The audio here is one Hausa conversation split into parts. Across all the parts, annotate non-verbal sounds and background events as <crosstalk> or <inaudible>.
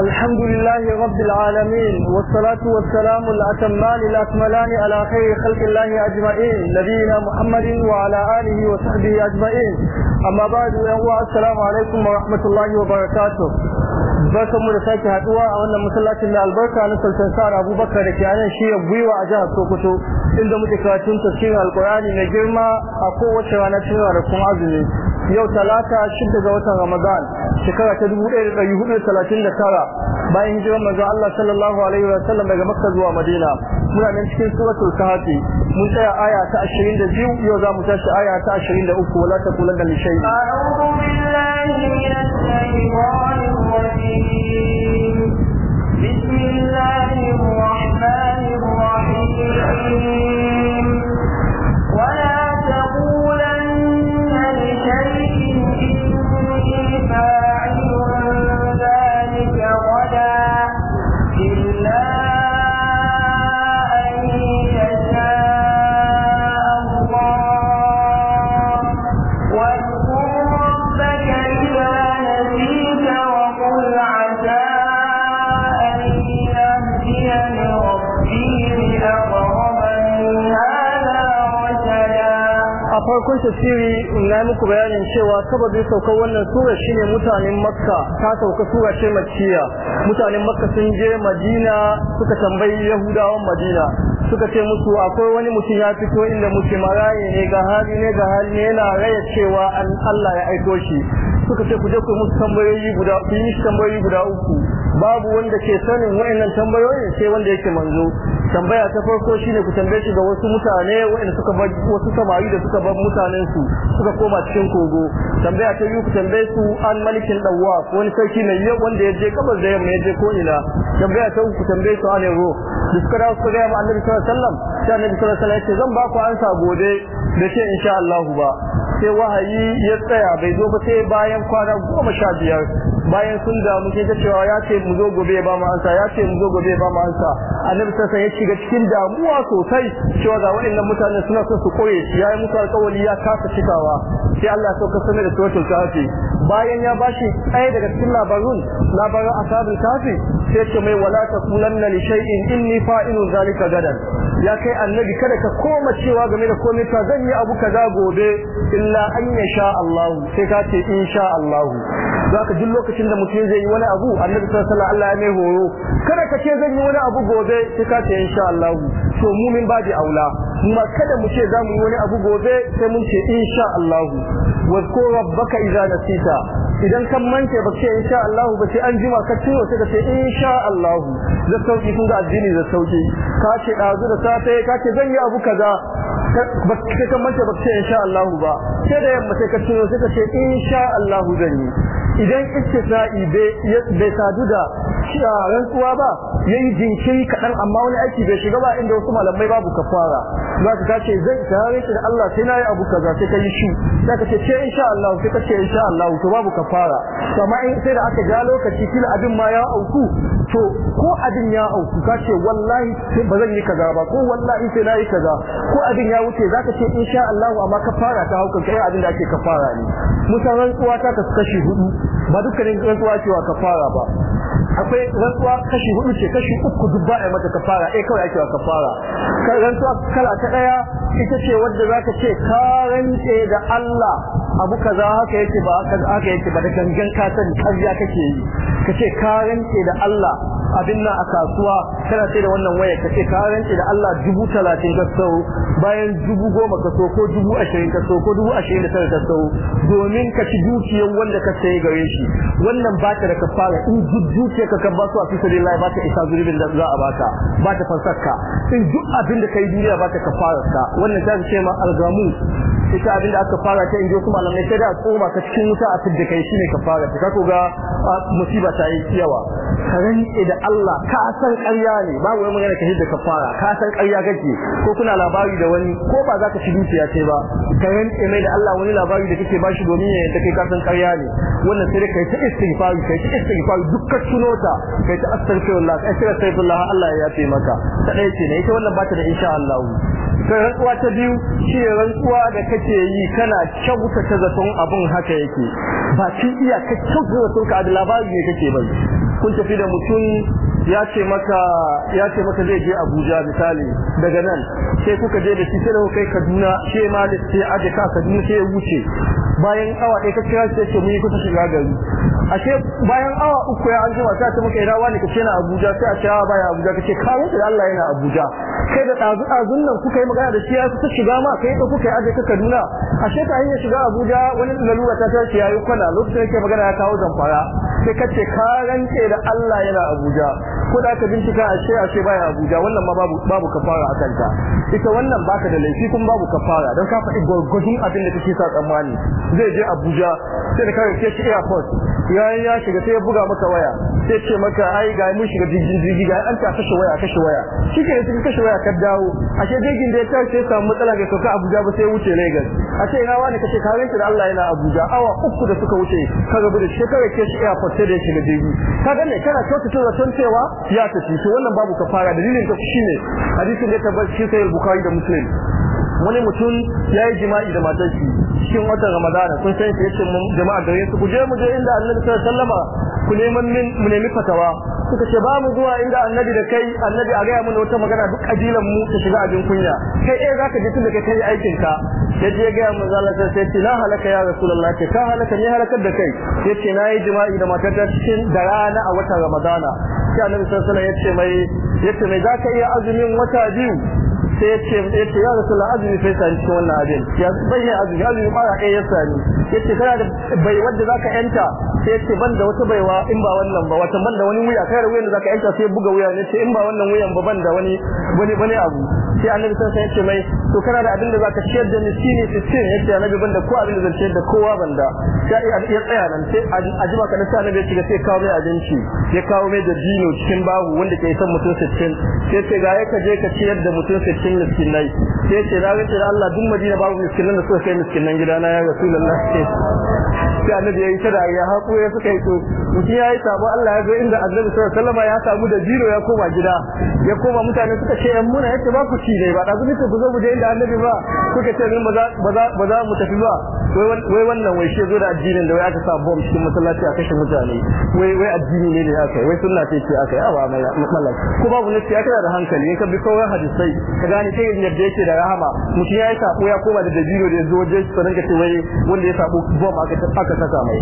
الحمد لله رب العالمين والصلاة والسلام الأتمان الأكملان على خير خلق الله أجمعين نبينا محمد وعلى آله وصحبه أجمعين أما بعد السلام عليكم ورحمة الله وبركاته barkanmu da sake haduwa a wannan masallacin mai albarka na sultan sa'ar abubakar da ke anan shi ya gwiwa a jihar sokoto inda muke karatun tafsirin alkurani na girma a kowace rana cikin ranakun azumi yau talata shidda ga watan ramadan shekara ta dubu da ɗari da talatin da tara bayan hijirar manzon Allah sallallahu alaihi wa sallam daga Makka zuwa Madina muna nan cikin suratul kahfi mun tsaya aya ta 22 yau za mu tashi aya ta 23 wala taqulanna li shay'in a'udhu billahi minash tafsiri na muku bayanin cewa sababi saukar wannan sura shine mutanen makka ta sauka sura ce makkiya mutanen makka sun je madina suka tambayi yahudawan madina suka ce musu akwai wani mutum ya fito inda muke raye ne ga hali ne ga hali ne yana raya cewa an Allah ya aiko shi suka ce ku je ku musu tambayoyi guda yi tambayoyi guda uku babu wanda ke sanin wa'annan tambayoyin sai wanda yake manzo tambaya ta farko shine ku tambaye shi ga wasu mutane waɗanda suka ba wasu samari da suka bar mutanen su suka koma cikin kogo tambaya ta yi ku tambaye su an malikin dawwa wani sarki ne yau wanda ya je kabar da yamma ya je ko ina tambaya ta ku tambaye su an ro da suka dawo suka annabi sallallahu alaihi wasallam sai annabi sallallahu alaihi wasallam zan ba ku ansa gobe da ce insha Allah ba sai wahayi ya tsaya bai zo ba sai bayan kwana goma sha biyar bayan sun damu sai ta cewa ya ce mu zo gobe ba mu ansa ya ce mu zo gobe ba mu ansa annabi sai ya shiga cikin damuwa sosai cewa ga waɗannan mutane suna son su koye ya yi musu alƙawari ya kasa cikawa sai Allah ya sauka sanar da suratul kafi bayan ya bashi ɗaya daga cikin labarun labarin ashabul kafi sai ce mai wala kulanna li shay'in inni fa'ilun zalika gadan ya kai annabi kada ka koma cewa game da komai ta zan yi abu kaza gobe illa an yasha Allah sai ka ce insha Allah zaka duk lokacin da mutum zai yi wani abu annabi sallallahu alaihi Allah ya mai horo kada ka ce zan yi wani abu gobe sai ka ce insha Allah to mumin ba da aula kuma kada mu ce zamu yi wani abu gobe sai mun ce insha Allah wazkur rabbaka idza nasita idan kan mance ba ce insha Allah ba ce an jima ka ciwo sai ka ce insha Allah da sauki kun ga addini da sauki ka ce dazu da safe ka ce zan yi abu kaza ba ka mance ba ce insha Allah ba sai da yamma sai ka ciwo sai ka ce insha Allah zan yi idan istisna'i bai sadu da rantsuwa ba yayi jinkiri kaɗan amma wani aiki bai shiga ba inda wasu malamai babu ka fara. za ka ce zai tare shi da Allah sai na yi abu kaza sai ka yi shi za ka ce in insha Allah sai ka ce insha Allah to babu kafara amma in sai da aka ga lokaci kila abin ma ya auku to ko abin ya auku ka ce wallahi sai ba yi kaza ba ko wallahi sai na yi kaza ko abin ya wuce za ka ce insha Allah amma ka fara ta hauka kai abin da ake ka kafara ne musan rantsuwa ta ka kashi hudu ba dukkanin rantsuwa cewa fara ba akwai rantsuwa kashi hudu ce kashi uku duk ba a mata fara eh kawai ake wa fara. kan rantsuwa kala ta daya ita ce wadda za ka ce ka rantse da Allah abu kaza haka yake ba haka yake ba da gangan ka san ƙarya kake yi kace ka rantse da Allah abin nan a kasuwa kana ce da wannan waya ka ce ka da Allah dubu talatin ka sau bayan dubu goma ka so ko dubu ashirin ka so ko dubu ashirin da tara ka sau domin ka ci dukiyar wanda ka sai gare shi wannan ba ta da kafara in dukiyar ka kan basu a fi sabilillahi ba ta isa zurbin da za a baka ba ta fansarka in duk abin da kai duniya ba ta kafarar ka wannan ta ce ma algamu ita abinda aka fara ta injo kuma malamai sai da a tsoma ka cikin wuta a fidda kai ne ka fara ta kako ga musiba ta yi yawa ka rantse da Allah ka san ƙarya ne babu wani magana ka hidda ka fara ka san ƙarya kake ko kuna labari da wani ko ba za ka ci dukiya ce ba ka rantse mai da Allah wani labari da kake bashi domin ya yanta kai ka san ƙarya ne wannan sai kai ta istighfar kai ta istighfar dukkan sunota kai ta astaghfirullah kai ta astaghfirullah Allah ya yafe maka ta dai ce ne ita wannan ba ta da insha Allah kai rantsuwa ta biyu shi rantsuwa da kake yi kana kyauta ta zaton abin haka yake ba ki iya ka kyautata zaton ka da labarin ne kake bai kun tafi da mutum ya ce maka ya ce maka zai je Abuja misali daga nan sai kuka je da shi sai kuka kai Kaduna sai ma da sai aje ka Kaduna sai ya wuce bayan awa ɗaya ka kira sai ce mun yi kusa shiga gari ashe bayan awa uku ya an jima sai ta muka irawa wani kace na Abuja sai a cewa ah, baya Abuja kace ka wuce da Allah yana Abuja kai da dazu nan kuka yi magana da shi ya kusa shiga ma kai da kuka yi aje ka Kaduna ashe ka hanyar shiga Abuja wani lalura ta ce yayi kwana lokacin da kake magana ya kawo zamfara sai kace ka rance da Allah yana Abuja ko da aka bincika a ce a ce baya Abuja wannan ma babu babu kafara a kanta ita wannan baka da laifi kuma babu kafara don ka faɗi gogogin abin da kake sa tsammani zai je Abuja sai da shi sai airport yayin ya shiga sai ya buga maka waya sai ce maka ai ga mun shiga jirgin jirgi ga an ta kashe waya kashe waya shike ne kashe waya ka dawo ashe jirgin da ya tashi ya samu matsala ga sauka Abuja ba sai wuce Lagos ashe ina wani kace ka da Allah yana Abuja awa uku da suka wuce ka rabu da shekara ke shi airport sai da shiga jirgi kaga kaga ne kana tura zaton cewa ya ta to wannan babu kafara dalilin ka ne. hadisin da tabbata shi sai bukhari da muslim wani mutum ya yi jima'i da matar shi cikin watan ramadana kun san shi yace jama'a gare su ku je mu je inda annabi sallallahu alaihi wasallama ku neman min mu nemi fatawa suka ce ba mu zuwa inda annabi da kai annabi a gaya mana wata magana duk kabilan mu ta shiga ajin kunya kai eh zaka je tun da kai aikin ka yaje ya gaya manzo Allah sai ce la halaka ya rasulullah ce ka halaka ne halakar da kai yace nayi jima'i da ta cikin da rana a watan ramadana sai annabi sallallahu alaihi wasallam yace mai yace mai zaka iya azumin wata biyu sai yace yace ya rasulullah azumi sai sai cikin wannan abin ya bayyana azumi azumi ba ya kai ya sani yace kana da bai wanda zaka yanta sai yace ban da wata baiwa in ba wannan ba wata ban da wani wuya kai wuyan da zaka yanta sai buga wuya ne sai in ba wannan wuyan ba ban da wani wani bane abu sai annabi sai yace mai to kana da abin da zaka ciyar da sai sai yace annabi ban da ko abin da zan ciyar da kowa ban da sai ya tsaya nan sai a ajiba kana sai annabi ya shiga sai kawo mai abinci ya kawo mai da dino cikin babu wanda ke son mutum sai sai ga ya kaje ka ciyar da mutum sai matsayin miskinai sai ce na ga da Allah duk Madina babu miskinan da suka kai miskinan na ya Rasulullah sai annabi yayi ta ya ha ko ya suka yi to mutum yayi sabo Allah ya zo inda annabi sallallahu alaihi wasallam ya samu da jiro ya koma gida ya koma mutane suka ce yan muna yace ba ku ci ne ba da ku ku zo mu inda annabi ba kuka ce min ba za mu tafi ba wai wannan wai shi zo da addinin da wai aka sa bomb cikin masallaci a kashe mutane wai wai addini ne da aka yi wai sunna ce ce aka yi awa mallaka ko babu ne ya kana da hankali ya kabi kawai hadisai ka ne sai yadda yake da rahama mutum ya yi sako ya koma da dabino da ya zo wajen su ranka ce wai wanda ya sabo bom aka aka saka mai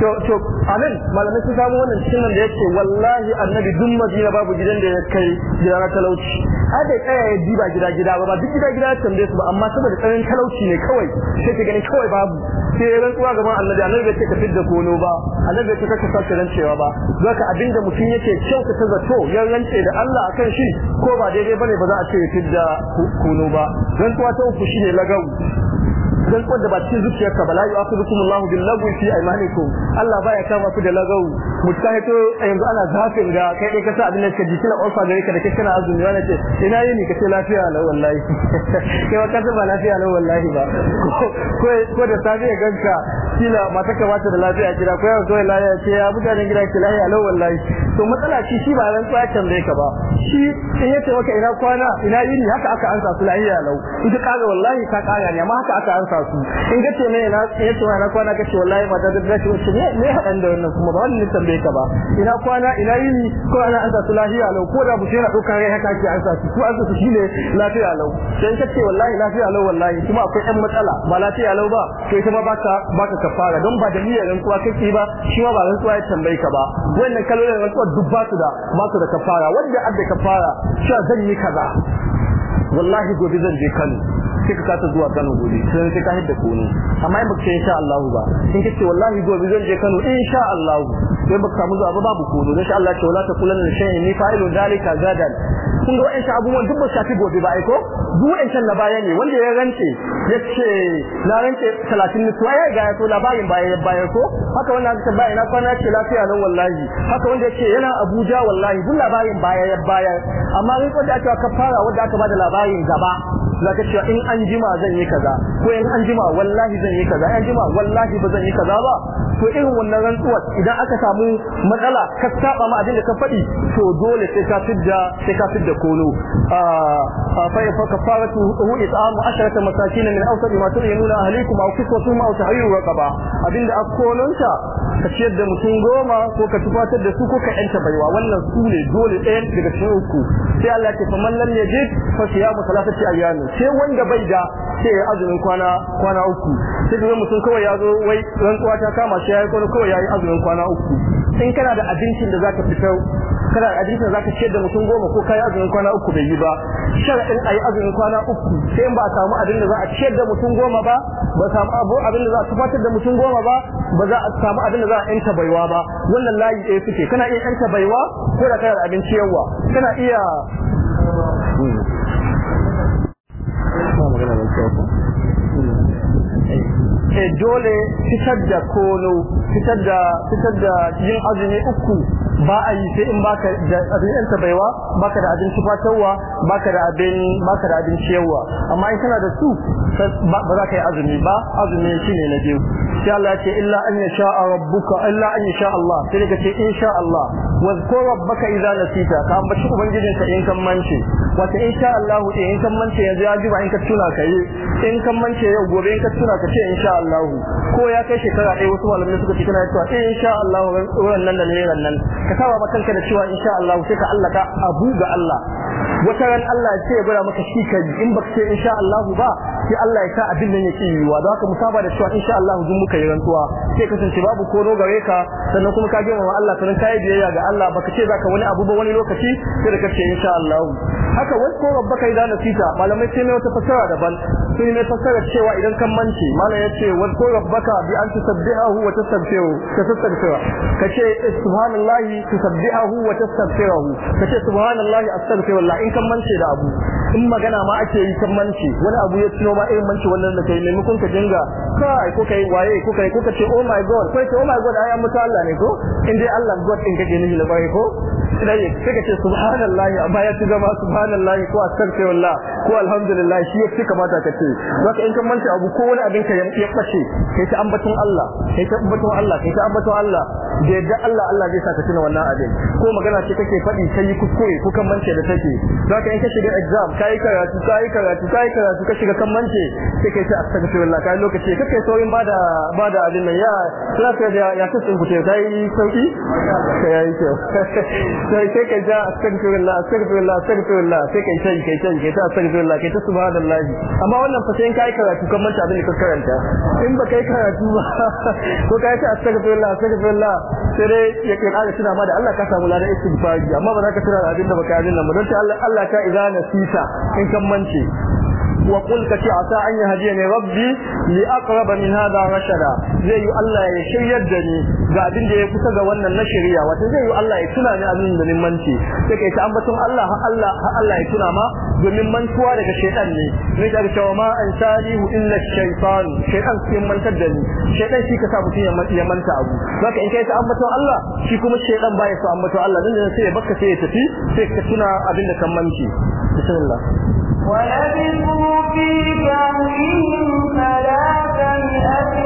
to to anan malamai sun samu wannan cikin da yake wallahi annabi duk madina babu gidan da ya kai gidan talauci ada tsaya ya diba gida gida ba duk gida gida ya tambaye su ba amma saboda tsarin talauci ne kawai sai ka gani kawai babu sai rantsuwa gaban annabi annabi bai ce ka fidda kono ba annabi bai ce ka sake rancewa ba zaka abinda mutum yake ka ta zato ya rance da Allah akan shi ko ba daidai bane ba za a ce ya da kono ba rantsuwa ta shi ne lagau dan da ba cikin zuciyarka ba la kuma Allahu bil lagwi fi aymanikum Allah baya kama ku da lagawu mutahito to yanzu ana zafin da kai dai ka sa abin da ka ji kina ofa gare ka da kake kana azumi wala ce ina yi ni kace lafiya la wallahi <laughs> kai wa kace ba lafiya la wallahi ba ko ko da safi ya ganka kila mata ka bata da lafiya kira ko yau kai lafiya ce ya buga ne kira kila lafiya la wallahi to matsala ce shi ba tsaya can dai ka ba shi in ya ce waka ina kwana ina yini haka aka ansa su lafiya lau ita kaga wallahi ka kaga ne amma haka aka ansa su in ka ce mai na ya ce na kwana kace wallahi mata da dace wace ne ne hadan da wannan kuma ba wannan tambaye ka ba ina kwana ina yini ko ana an sa lafiya lau ko da bushe na ɗaukar rai haka ke an sa su ko an sa su shine lafiya lau sai ka ce wallahi lafiya lau wallahi kuma akwai ɗan matsala ba lafiya lau ba kai kuma baka ka kafara don ba da niyyar rantsuwa kake ba shi ma ba rantsuwa ya tambaye ka ba wannan kalolin rantsuwa duk ba su da ba su da kafara wanda adda kafara sha zan yi kaza wallahi gobe zan je Kano sai ka kasa zuwa Kano gobe sai sai ka hidda kono amma in baka insha Allah ba in kace wallahi gobe zan je Kano insha Allah sai baka samu zuwa babu kono dan sha Allah ce wala ta kula taqulanna shay'in ni fa'ilu dalika gadan kun ga wayansu abubuwan duk ba shafi gobe ba ai ko duk na baya ne wanda ya rance yace na rance 30 ne ya ga to labarin baya ya bayar ko haka wannan aka baya na kwana ce lafiya nan wallahi haka wanda ya ce yana Abuja wallahi duk labarin baya ya bayar amma rin ko da aka fara wanda aka bada labarin gaba za ka cewa in an jima zan yi kaza ko in an jima wallahi zan yi kaza in an jima wallahi ba zan yi kaza ba to irin wannan rantsuwar idan aka samu matsala ka saba ma abin da ka faɗi to dole sai ka fidda sai ka fidda kono fa ya faka faratu hu it'amu asharata masakin min awsadi ma tu'minuna ahlikum aw kiswatuhum aw tahriru raqaba abinda kononta ka ciyar da mutum goma ko ka tufatar da su ko ka yanta baiwa wannan su ne dole ɗayan daga cikin uku sai Allah ya ce faman lam yajid fa siyamu salatati ayyamin sai wanda bai da sai ya azumin kwana kwana uku sai kuma mutum kawai ya zo wai rantsuwa ta kama shi yayi kwana kawai yayi azumin kwana uku in kana da abincin da zaka fitar kana da abincin da zaka ciyar da mutum goma ko kai azumin kwana uku bai yi ba sharadin ayi azumin kwana uku sai in ba a samu abin da za a ciyar da mutum goma ba ba a samu abu abin da za a tufatar da mutum goma ba ba za a samu abin da za a yanta baiwa ba wannan layi ɗaya suke kana iya yanta baiwa ko da kana da abin yawa kana iya hmm. kai ku eh, dole fitar da kono fitar da fitar da yin azumi uku ba a yi sai in baka da abin ta baiwa baka da abinci tufatarwa baka da abin baka da abin ciyarwa amma in kana da su ba za ka yi azumi ba azumi shine na biyu sai Allah ce illa an yasha rabbuka illa an yasha Allah sai ka ce insha Allah wazkur rabbaka idza nasita ka ambaci ka in kan mance wata insha Allah in kan mance yanzu ya jiba in ka tuna kai in kan mance yau gobe in ka tuna ka ce insha Allah ko ya kai shekara ɗaya wasu malamai suka lokaci kana cewa eh insha Allah wannan nan da ne nan ka saba ba kanka da cewa insha Allah sai ka Allah ka abu ga Allah wata ran Allah ya ce ya bura maka shi kai in baka ce insha Allah ba sai Allah ya sa abin nan yake ci yiwa don haka mu saba da cewa insha Allah dun muka yi rantsuwa sai kasance babu ko gare ka sannan kuma ka girma wa Allah sannan kai biyayya ga Allah baka ce zaka wani abu ba wani lokaci sai da kace insha Allah haka wani wasu rabbaka idan nasita malamai sai mai wata fasara daban sun ne fasara cewa idan kan mance mala yace wa ko rabbaka bi an tusabbihahu wa tasabbihu ka tasabbihu kace subhanallahi tusabbihahu wa tasabbihu kace subhanallahi astaghfirullah in kan mance da abu in magana ma ake yi kan mance wani abu ya tuno ma irin mance wannan da kai ne mukun ka dinga kai ko kai waye ko kai ko kace oh my god kai ce oh my god ai amma Allah ne ko in dai Allah god in kake nihi da kai ko sai kake ce subhanallahi amma ya ci gaba subhanallahi ko astaghfirullah ko alhamdulillah shi yake kamata kace alkhairi zaka in ka manta abu ko wani abin ka ya fashe kai ta ambaton Allah kai ta ambaton Allah kai ta ambaton Allah da yadda Allah Allah zai saka tuna wannan abin ko magana ce kake faɗi kai kuskure ko kan manta da take zaka in ka shiga exam kai karatu kai karatu kai karatu ka shiga kan manta sai kai ta astaghfirullah kai lokaci kake saurin bada bada abin nan ya lafiya da ya kusin ku kai sauki kai yi kyau <laughs> sai kai ka ja astaghfirullah astaghfirullah astaghfirullah sai kai sai kai sai kai ta astaghfirullah kai ta subhanallah amma wannan wannan fa sai kai karatu kan manta abin da karanta in ba kai karatu ba ko <laughs> kai ta astaghfirullah astaghfirullah sai dai ya ka tuna ma da Allah ka samu ladan istighfari amma ba za ka tuna abin da baka yi nan ba don ta Allah Allah ta idana sita in kan mance wa qul ka asa an yahdiya ni rabbi li aqraba min hadha rashada zai yi Allah ya shiryar da ni ga abin da ya kusa ga wannan na shari'a wato zai yi Allah ya tuna ni abin da ni manci sai kai ta ambaton Allah ha Allah ha Allah ya tuna ma domin mantuwa daga shaytan ne ne da cewa ma an salihu illa shaytan shaytan ke mantar da ni shaytan shi ka sa mutum ya manta abu zaka in kai ta ambato Allah shi kuma shaytan baya so ambato Allah dan sai ya baka sai ya tafi sai ka tuna abin da kan manci bismillah ولبثوا في كهفهم ثلاث مئة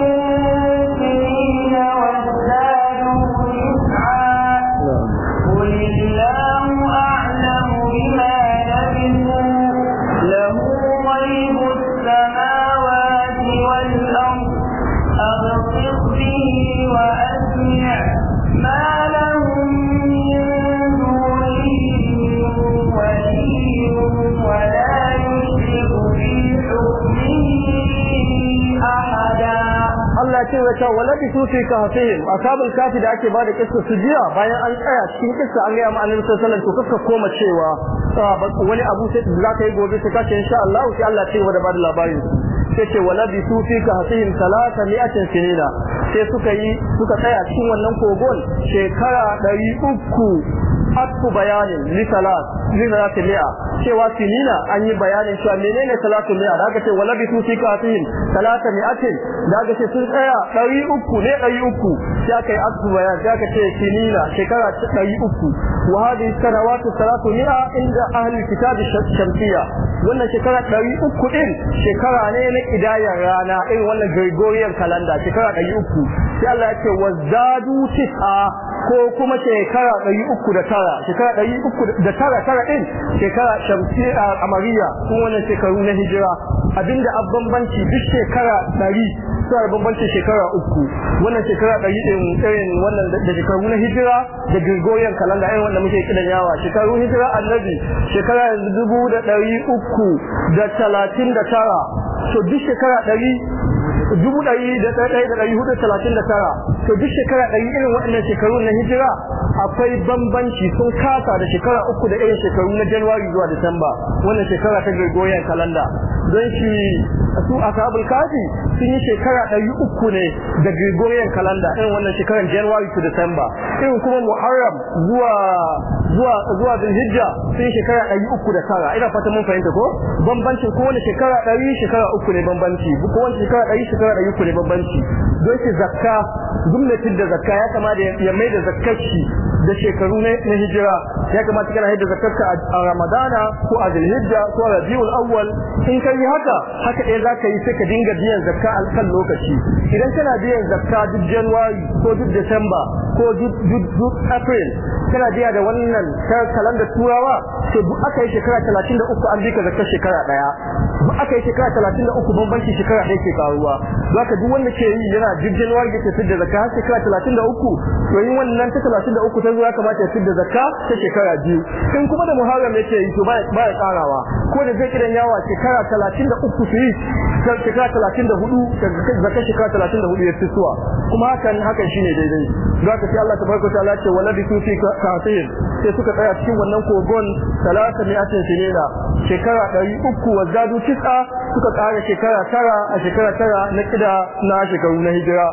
ta walati su fi a asabul kafi da ake bada kissa su jiya bayan an tsaya cikin kissa an gaya ma'anar annabi sallallahu alaihi koma cewa ah, wani abu sai za ka yi gobe sai ka ce insha Allah sai Allah ce wanda bada labarin sai ce walati su fi kahfihim 300 sinina sai suka yi suka tsaya cikin wannan kogon shekara 300 akku bayanin li salat fi salatul li'a cewa sinina an yi bayanin cewa menene salatul li'a da aka ce walabitu fi qatihim salata mi'atin da aka ce sun tsaya ɗari uku ne ɗari uku sai kai yi asu bayan sai ce sinina shekara ta ɗari uku wa hadhihi sanawatu salatu mi'a inda ahli kitab shamsiyya wannan shekara ɗari uku din shekara ne na kidayar rana irin wannan Gregorian calendar shekara ɗari uku sai Allah ya ce wazadu tis'a ko kuma shekara 309 shekara 309 tara din shekara shamsi shamsiya amariya ko wannan shekaru na hijira abinda abbanbanci duk shekara 100 sai bambancin shekara uku wannan shekara 100 din irin wannan da shekaru na hijira da Gregorian calendar irin wanda muke kidan yawa shekaru hijira annabi shekara yanzu dubu da ɗari uku da talatin da tara to duk shekara ɗari dubu ɗari da ɗari da ɗari hudu talatin da tara to duk shekara ɗari irin waɗannan shekaru na hijira akwai bambanci sun kasa da shekara uku da irin shekaru na januwari zuwa disamba wannan shekara ta gargoyan kalanda don shi su ashabul kafi sun yi shekara ɗari uku ne da gargoyan kalanda irin wannan shekarar januwari to disamba irin kuma muharram zuwa zuwa zuwa zulhijja sun yi shekara ɗari uku da tara ina fata mun fahimta ko bambancin ko wani shekara ɗari shekara uku ne bambanci ko wani shekara ɗari shekara ɗari uku ne bambanci don shi zakka jumlatin da zakka ya kamata ya mai da zakkar shi da shekaru na hijira ya kamata kana hidda zakkar ka a Ramadana ko a Zulhijja ko a Rabiul Awwal in kai haka haka ɗaya zaka yi sai ka dinga biyan zakka alkan lokaci idan kana biyan zakka duk January ko duk December ko duk April kana biya da wannan kalandar turawa to duk aka yi shekara 33 an bi ka zakkar shekara daya Ba aka yi shekara 33 bambanci shekara ɗaya ke karuwa zaka duk wanda ke yi yana duk January ke fitar da zakka har shekara 33 to yin wannan ta 33 ta zuwa ya kamata ya fidda da zakka ta shekara biyu in kuma da muharram yake yi to ba ya karawa ko da zai kidan yawa shekara 33 su yi shekara 34 zakka shekara 34 ya kuma hakan hakan shine daidai zaka ci Allah tabaraka taala ce waladi su fi kafin? sai suka tsaya cikin wannan kogon 300 sinina shekara 300 wazadu tisa suka kara shekara tara a shekara tara na kida na shekaru na hijira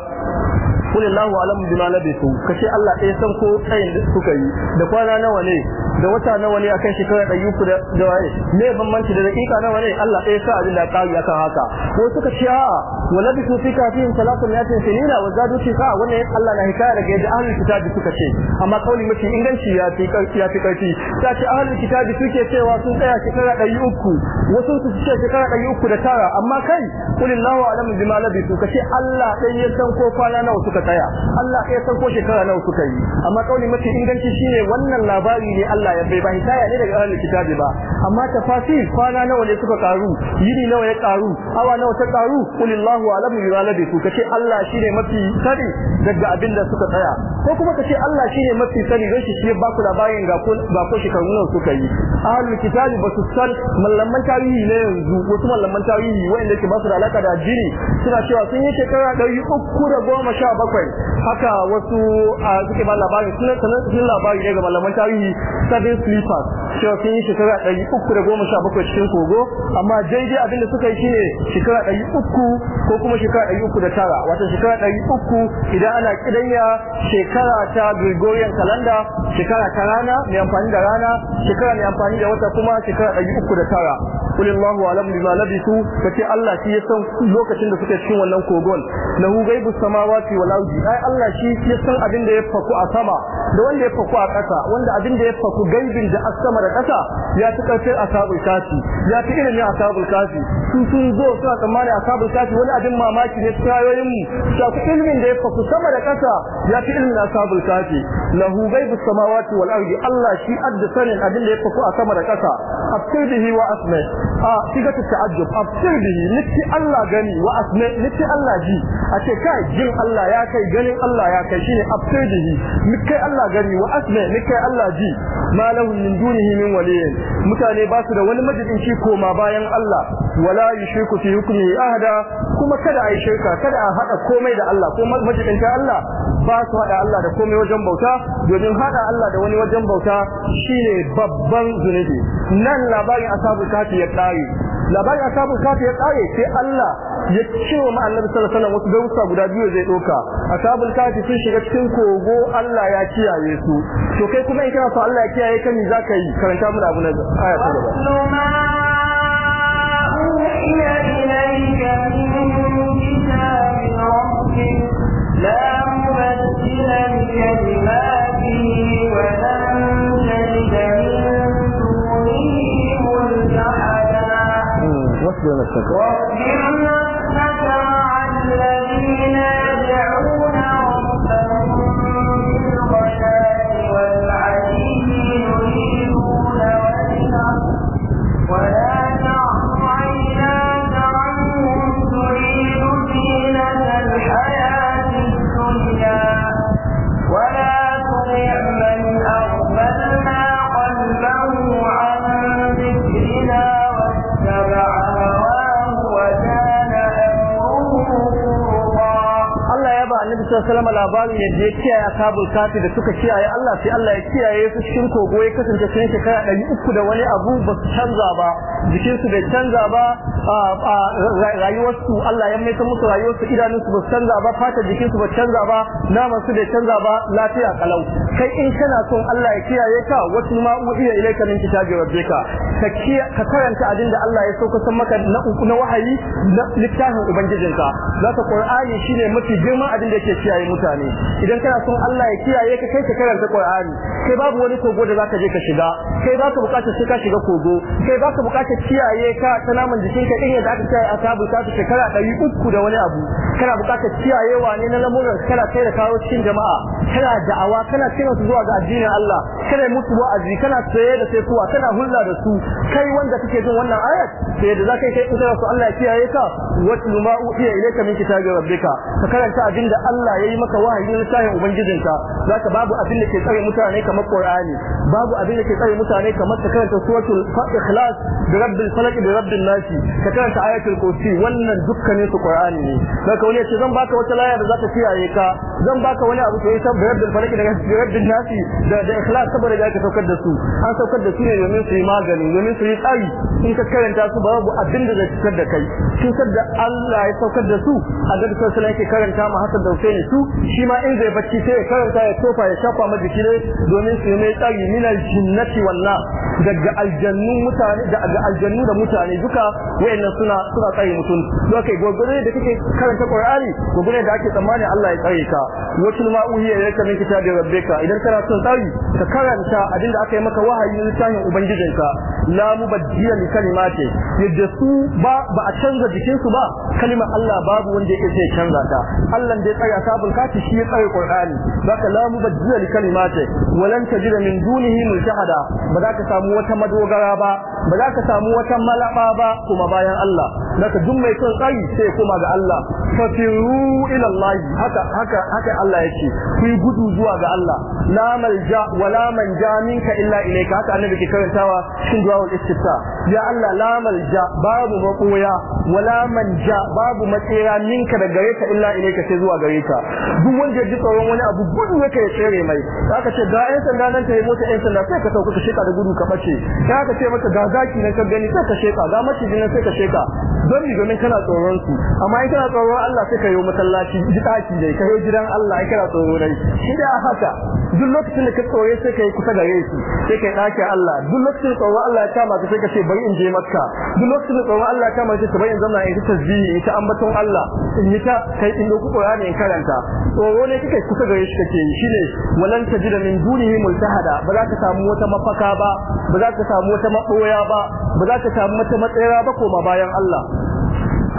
kuli Allahu alam bima labisu kace Allah ɗaya san ko tsayin da suka yi da kwana nawa ne da wata nawa ne akan shekara da yuku da da waye me bambanci da dakika nawa ne Allah ɗaya sa abin da kai aka haka ko suka ce a walabisu fi kafin salatu mi'atin sinina wa zadu fi ka wannan Allah na hikaya daga yadda ahlul kitabi suka ce amma kauli mace inganci ya fi karfi ya fi karfi ta ce ahlul kitabi suke cewa sun tsaya shekara da yuku wasu su ce shekara da yuku da tara amma kai qul Allahu alamu bima labisu kace Allah ɗaya san ko kwana nawa suka suka tsaya Allah ya san ko shekara nawa suka yi amma kauli mafi inganci shine wannan labari ne Allah ya bai ba hidaya ne daga ahlul kitabi ba amma tafasir kwana nawa ne suka karu yini nawa ya karu awa nawa ta karu kulillahu alamu bi ku kace Allah shine mafi sani daga abin da suka tsaya ko kuma kace Allah shine mafi sani don shi ya baku labarin ga ko ba ko shekaru nawa suka yi ahlul kitabi ba su san mallaman tarihi ne yanzu wasu mallaman tarihi wanda ke ba su da alaka da addini suna cewa sun yi shekara da goma sha bakwai haka wasu suke ba labarin sunan labari ne ga malaman tarihi seven sleepers cewa sun yi shekara ɗari uku da goma sha bakwai cikin kogo amma daidai abin da suka yi shine shekara ɗari uku ko kuma shekara ɗari uku da tara wata shekara ɗari uku idan ana kidanya shekara ta Gregorian calendar shekara ta rana mai amfani da rana shekara mai amfani da wata kuma shekara ɗari uku da tara kulillahu alam su labisu ce Allah shi ya san lokacin da suka cikin wannan kogon lahu ghaibus samawati wala gaibi ai Allah shi ya san abin da ya faku a sama da wanda ya faku a ƙasa wanda abin da ya faku gaibin da a sama da ƙasa ya fi ƙarfin asabul kafi ya fi ilimin asabul kafi su sun zo suna tsammani asabul kafi wani abin mamaki ne tsayoyin mu sha ku ilimin da ya faku sama da ƙasa ya fi ilimin asabul kafi lahu gaibu samawati wal ardi Allah shi adda sanin abin da ya faku a sama da ƙasa afsir bihi wa asma a shiga ta ta'ajjub afsir bihi niki Allah gani wa asma niki Allah ji a ce kai jin Allah ya kai ganin Allah ya kai shine abtajihi mukai Allah gani wa asma mukai Allah ji malahu min dunihi min waliyin mutane ba su da wani majidin shi koma bayan Allah wala yushiku fi hukmi ahada kuma kada ai shirka kada a hada komai da Allah ko majidin ta Allah ba su hada Allah da komai wajen bauta domin hada Allah da wani wajen bauta shine babban zunubi nan labarin asabu kafi ya kare labarin asabu kafi ya kare sai Allah ya ce wa annabi sallallahu alaihi wasallam wasu guda biyu zai doka ashabul kafi sun shiga cikin kogo Allah ya kiyaye su to kai kuma in kana so Allah ya kiyaye ka ni zaka yi karanta mu abu na aya ta gaba واصبر alaihi wasallam labarin yadda ya kiyaye ashabul kafi da suka kiyaye Allah sai Allah ya kiyaye su cikin kogo ya kasance cikin shekara ɗari uku da wani abu ba su canza ba jikin su bai canza ba rayuwarsu Allah ya mai ta musu rayuwarsu idanunsu ba canza ba jikin jikinsu ba canza ba naman su da canza ba lafiya kalau kai in kana son Allah ya kiyaye ka wasu ma uhiya ilaika min kitabi rabbika ka ka karanta abin da Allah ya so san maka na na wahayi na littafin ubangijinka zaka qur'ani shine mafi girman abin da yake kiyaye mutane idan kana son Allah ya kiyaye ka kai ka karanta qur'ani kai babu wani kogo da zaka je ka shiga kai zaka bukatar sai ka shiga kogo kai zaka bukata kiyaye ka ta naman jikin kaɗin yadda aka kiyaye asabu ta su shekara ɗari uku da wani abu kana buƙatar kiyayewa ne na lamuran kana kai da kawo cikin jama'a kana da'awa kana kiran su zuwa ga addinin Allah kana musu wa'azi kana tsaye da sai kuwa kana hulla da su kai wanda kake jin wannan ayat sai da zaka kai kusa su Allah ya kiyaye ka watlu ma uhiya ilayka min kitabi rabbika ka karanta abin da Allah yayi maka wahayi na ubangijin ubangijinka zaka babu abin da ke tsare mutane kamar Qur'ani babu abin da ke tsare mutane kamar ka karanta suratul ikhlas da rabbil falaq da rabbil nas ka karanta ayatul kursi wannan dukkanin su qur'ani ne sai ka wani ce zan baka wata laya da zaka kiyaye ka zan baka wani abu sai san bayar da falaki daga bayar da nasi da da ikhlas saboda da ka saukar da su an saukar da su ne domin su yi magani domin su yi tsari in ka karanta su babu abin da zai fitar da kai cutar da Allah ya saukar da su a ga sai sai yake karanta ma Hassan da Husaini su shi ma in zai bacci sai ya karanta ya tofa ya shafa ma jiki ne domin su yi mai tsari minal jinnati wallah daga aljannu mutane daga aljannu da mutane duka wayannan suna suna tsare mutum don kai da kake karanta Qur'ani ne da ake tsammani Allah ya tsare ka wacin ma uhiya yaka min kitabin rabbika idan kana son tsari ka karanta abinda aka yi maka wahayi littafin ubangijinka la mubaddiya li kalimati yadda su ba ba a canza jikin su ba kalima Allah babu wanda yake sai canza ta Allah da ya tsaya sabul kati shi ya tsare Qur'ani zaka la mubaddiya li kalimati walan tajida min dunihi multahada ba za ka samu wata madogara ba ba za ka samu wata malaba ba kuma ba bayan Allah naka duk mai son tsayi sai ya koma ga Allah fatiru ila Allah haka haka haka Allah yake ku gudu zuwa ga Allah la malja wa la manja minka illa ilayka haka annabi ke karantawa cikin du'aul istifta ya Allah la malja babu makoya wa la manja babu matsira minka da gare ka illa ilayka sai zuwa gare ka duk wanda ya ji tsoron wani abu gudu yake ya tsere mai haka ce ga ƴan sanda nan ta yi mota ƴan sanda sai ka sauka ka sheka da gudu ka bace sai ka ce maka ga zaki nan ka gani sai ka sheka ga maciji nan sai ka kashe ka don ni domin kana tsoron su amma in kana tsoron Allah sai ka yi masallaci jitaki dai ka yi gidan Allah in kana tsoron dai shi da haka duk lokacin da ka tsore sai ka yi kusa da shi sai ka yi Allah duk lokacin da tsoro Allah ya kama ka sai ka ce bari in je Makka duk lokacin da tsoro Allah ya kama ka sai bari in zauna in ta zi, in ta ambaton Allah in yi ta kai in doku Qur'ani in karanta tsoro ne kike kusa da shi kake yi shine walan tajida min dunihi multahada ba za ka samu wata mafaka ba ba za ka samu wata maboya ba ba za ka samu wata matsayara ba ko ma bayan Allah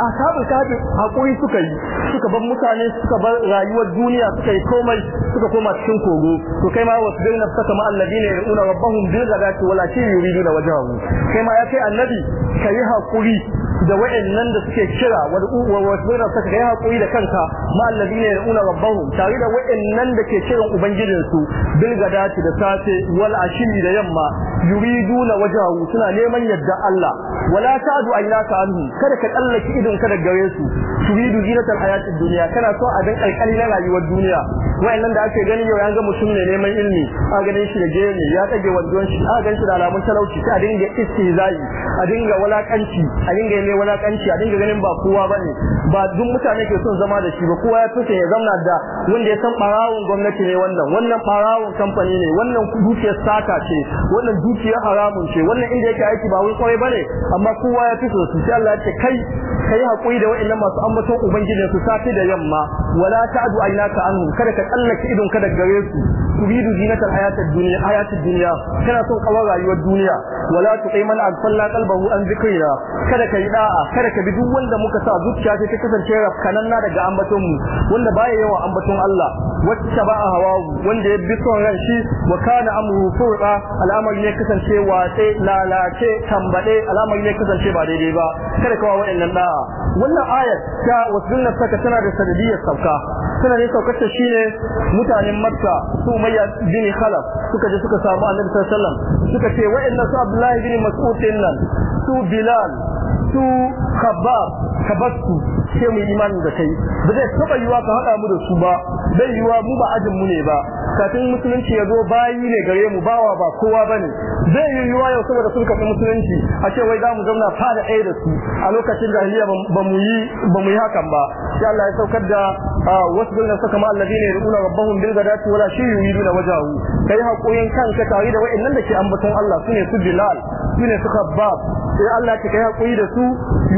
ashabul kafi hakuri suka yi suka bar mutane suka bar rayuwar duniya suka yi komai suka koma cikin kogo to kai ma wasu dai nafsa kama alladina yuna rabbahum bil ghadati wala shi yuriduna wajhahu kai ma ya kai annabi kai hakuri da wayannan da suke kira wal wasu saka kai hakuri da kanka ma alladina una rabbahum tare da wayannan da ke kiran ubangijinsu bil ghadati da safe wal ashi da yamma yuriduna wajhahu suna neman yadda Allah wala ta'du aynaka anhu kada ka tsallaki idon ka daga gare su turidu zinatal hayatin duniya kana so a dan kalkali na rayuwar duniya wayannan da ake gani yau yanga mutum ne neman ilimi a ganin shi da gene ya kage wandon shi a ganin shi da alamun talauci sai a dinga istizai a dinga walakanci a dinga ne walakanci a dinga ganin ba kowa bane ba duk mutane ke son zama da shi ba kowa ya fice ya zauna da wanda ya san barawun gwamnati ne wannan wannan barawun kamfani ne wannan dukiyar sata ce wannan dukiyar haramun ce wannan inda yake aiki ba wai kwarai bane amma kowa ya fice su sai Allah ya ce kai Ka yi haƙuri da wayannan masu ambaton ubangijin su safi da yamma wala ta'du aynaka anhum kada ka tsallake idon ka daga gare su turidu zinatal hayatid dunya hayatid dunya kana son kawar rayuwar duniya wala tuqi man aghfalla qalbahu an zikrina kada ka yi da'a kada ka bi duk wanda muka sa zuciya ta kasance rafkananna daga ambaton mu wanda baya yawa ambaton Allah wacce ba hawa wanda ya bi son ran shi wa kana amru furqa al'amari ne kasance wace lalace tambade al'amari ne kasance ba daidai ba kada ka wa waɗannan da'a wannan ayat ta wasunna saka tana da sanadiyar makka sunanin saukarta shine mutanen makka su umayya bin khalaf suka je suka samu annabi sallallahu alaihi wasallam suka ce wa'annan su abdullahi bin mas'ud nan su bilal su khabbab kabastu sai mu imani da kai ba zai taba yiwa ka hada mu da su ba bai yiwa mu ba ajin mu ne ba kafin musulunci ya zo bayi ne gare mu bawa ba kowa bane zai yi yiwa yau saboda sun kafin musulunci a ce wai zamu zauna fara ɗaya da su a lokacin jahiliya ba mu yi ba mu yi hakan ba sai Allah ya saukar da wasu dole suka ma alladine yad'una rabbahum bil ghadati wala shi yuriduna wajahu kai hakurin kanka tare da wa'annan da ke ambaton Allah sune su Bilal sune su Khabbab sai Allah ya kai hakuri da su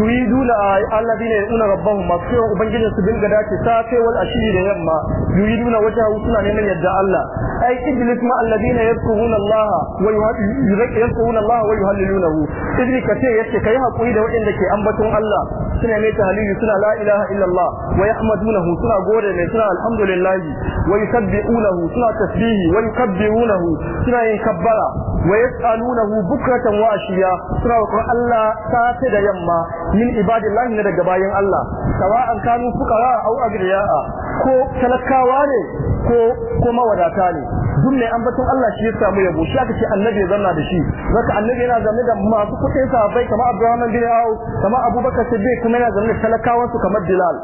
yuriduna alladine yad'una rabbahum masu ubangijin su bil ghadati safe wal ashi da yamma yuriduna wajahu suna neman yadda Allah ai ijlis ma alladina yadhkuruna Allah wa yadhkuruna Allah wa yuhallilunahu idri kace yace kai hakuri da waɗanda ke ambaton Allah suna mai tahlili suna la ilaha illallah wa yahmadunahu suna gode mai suna alhamdulillah wa yusabbihunahu suna tasbihi wa yukabbirunahu suna yin kabbara wa yasalunahu bukratan wa ashiya suna roƙon Allah safe da yamma min ibadillahi daga bayan Allah sawa'an kanu fuqara aw agriya'a ko talakawa ne ko ko mawadata ne duk mai ambaton Allah shi ya samu yabo shi aka ce annabi ya zanna da shi zaka annabi yana zanne da masu kuɗin bai kamar Abdurrahman bin Abdul Aw kamar Abubakar Siddiq kuma yana zanne talakawa su kamar Bilal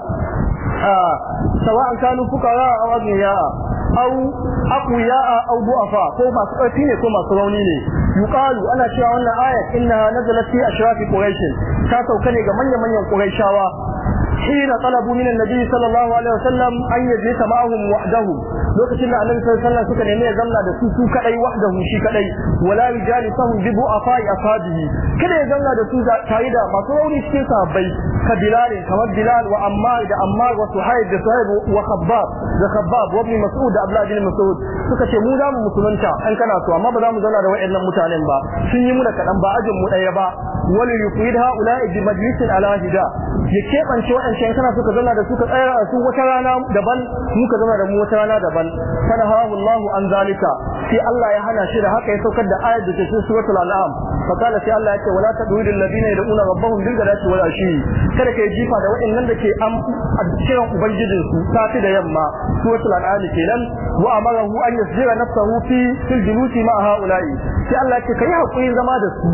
a ah, sawa an kanu fuqara aw aghniya aw aqwiya aw du'afa ko masu ƙarfi ne ko masu rauni ne yuqalu ana cewa wannan aya inna nazalat fi ashrafi quraish ta sauka ne ga manyan manyan quraishawa حين طلبوا من النبي صلى الله عليه وسلم أن يجلس معهم وحده lokacin da annabi sallallahu alaihi wasallam suka nemi ya zamna da su su kadai wahdahu shi kadai wala yujalisahu bi a ashabihi kada ya zamna da su tare da masu rauni cikin sahabbai ka bilal kamar bilal wa amma da amma wa suhaib da suhaib wa khabbab da khabbab wa mas'ud da abdullah mas'ud suka ce mu za mu musulunta an kana so amma ba za mu zauna da wayannan mutanen ba sun yi mu da kadan ba ajin mu daya ba wal yuqid haula bi majlisin ala hida ya kebance wayancan kana suka zauna da su ka tsaya su wata rana daban mu ka zauna da mu wata rana daban kana hawa Allahu an zalika sai Allah ya hana shi da haka ya saukar da ayat da ke cikin suratul an'am fa kana sai Allah ya wala ladina yad'una rabbahum bil ghadati wal ashi kada kai jifa da waɗannan da ke am kiran ubangijin su safi da yamma suratul an'am kenan wa amarahu an yasjira nafsahu fi fil julusi ma haula'i sai Allah ya ce kai hakuri zama da su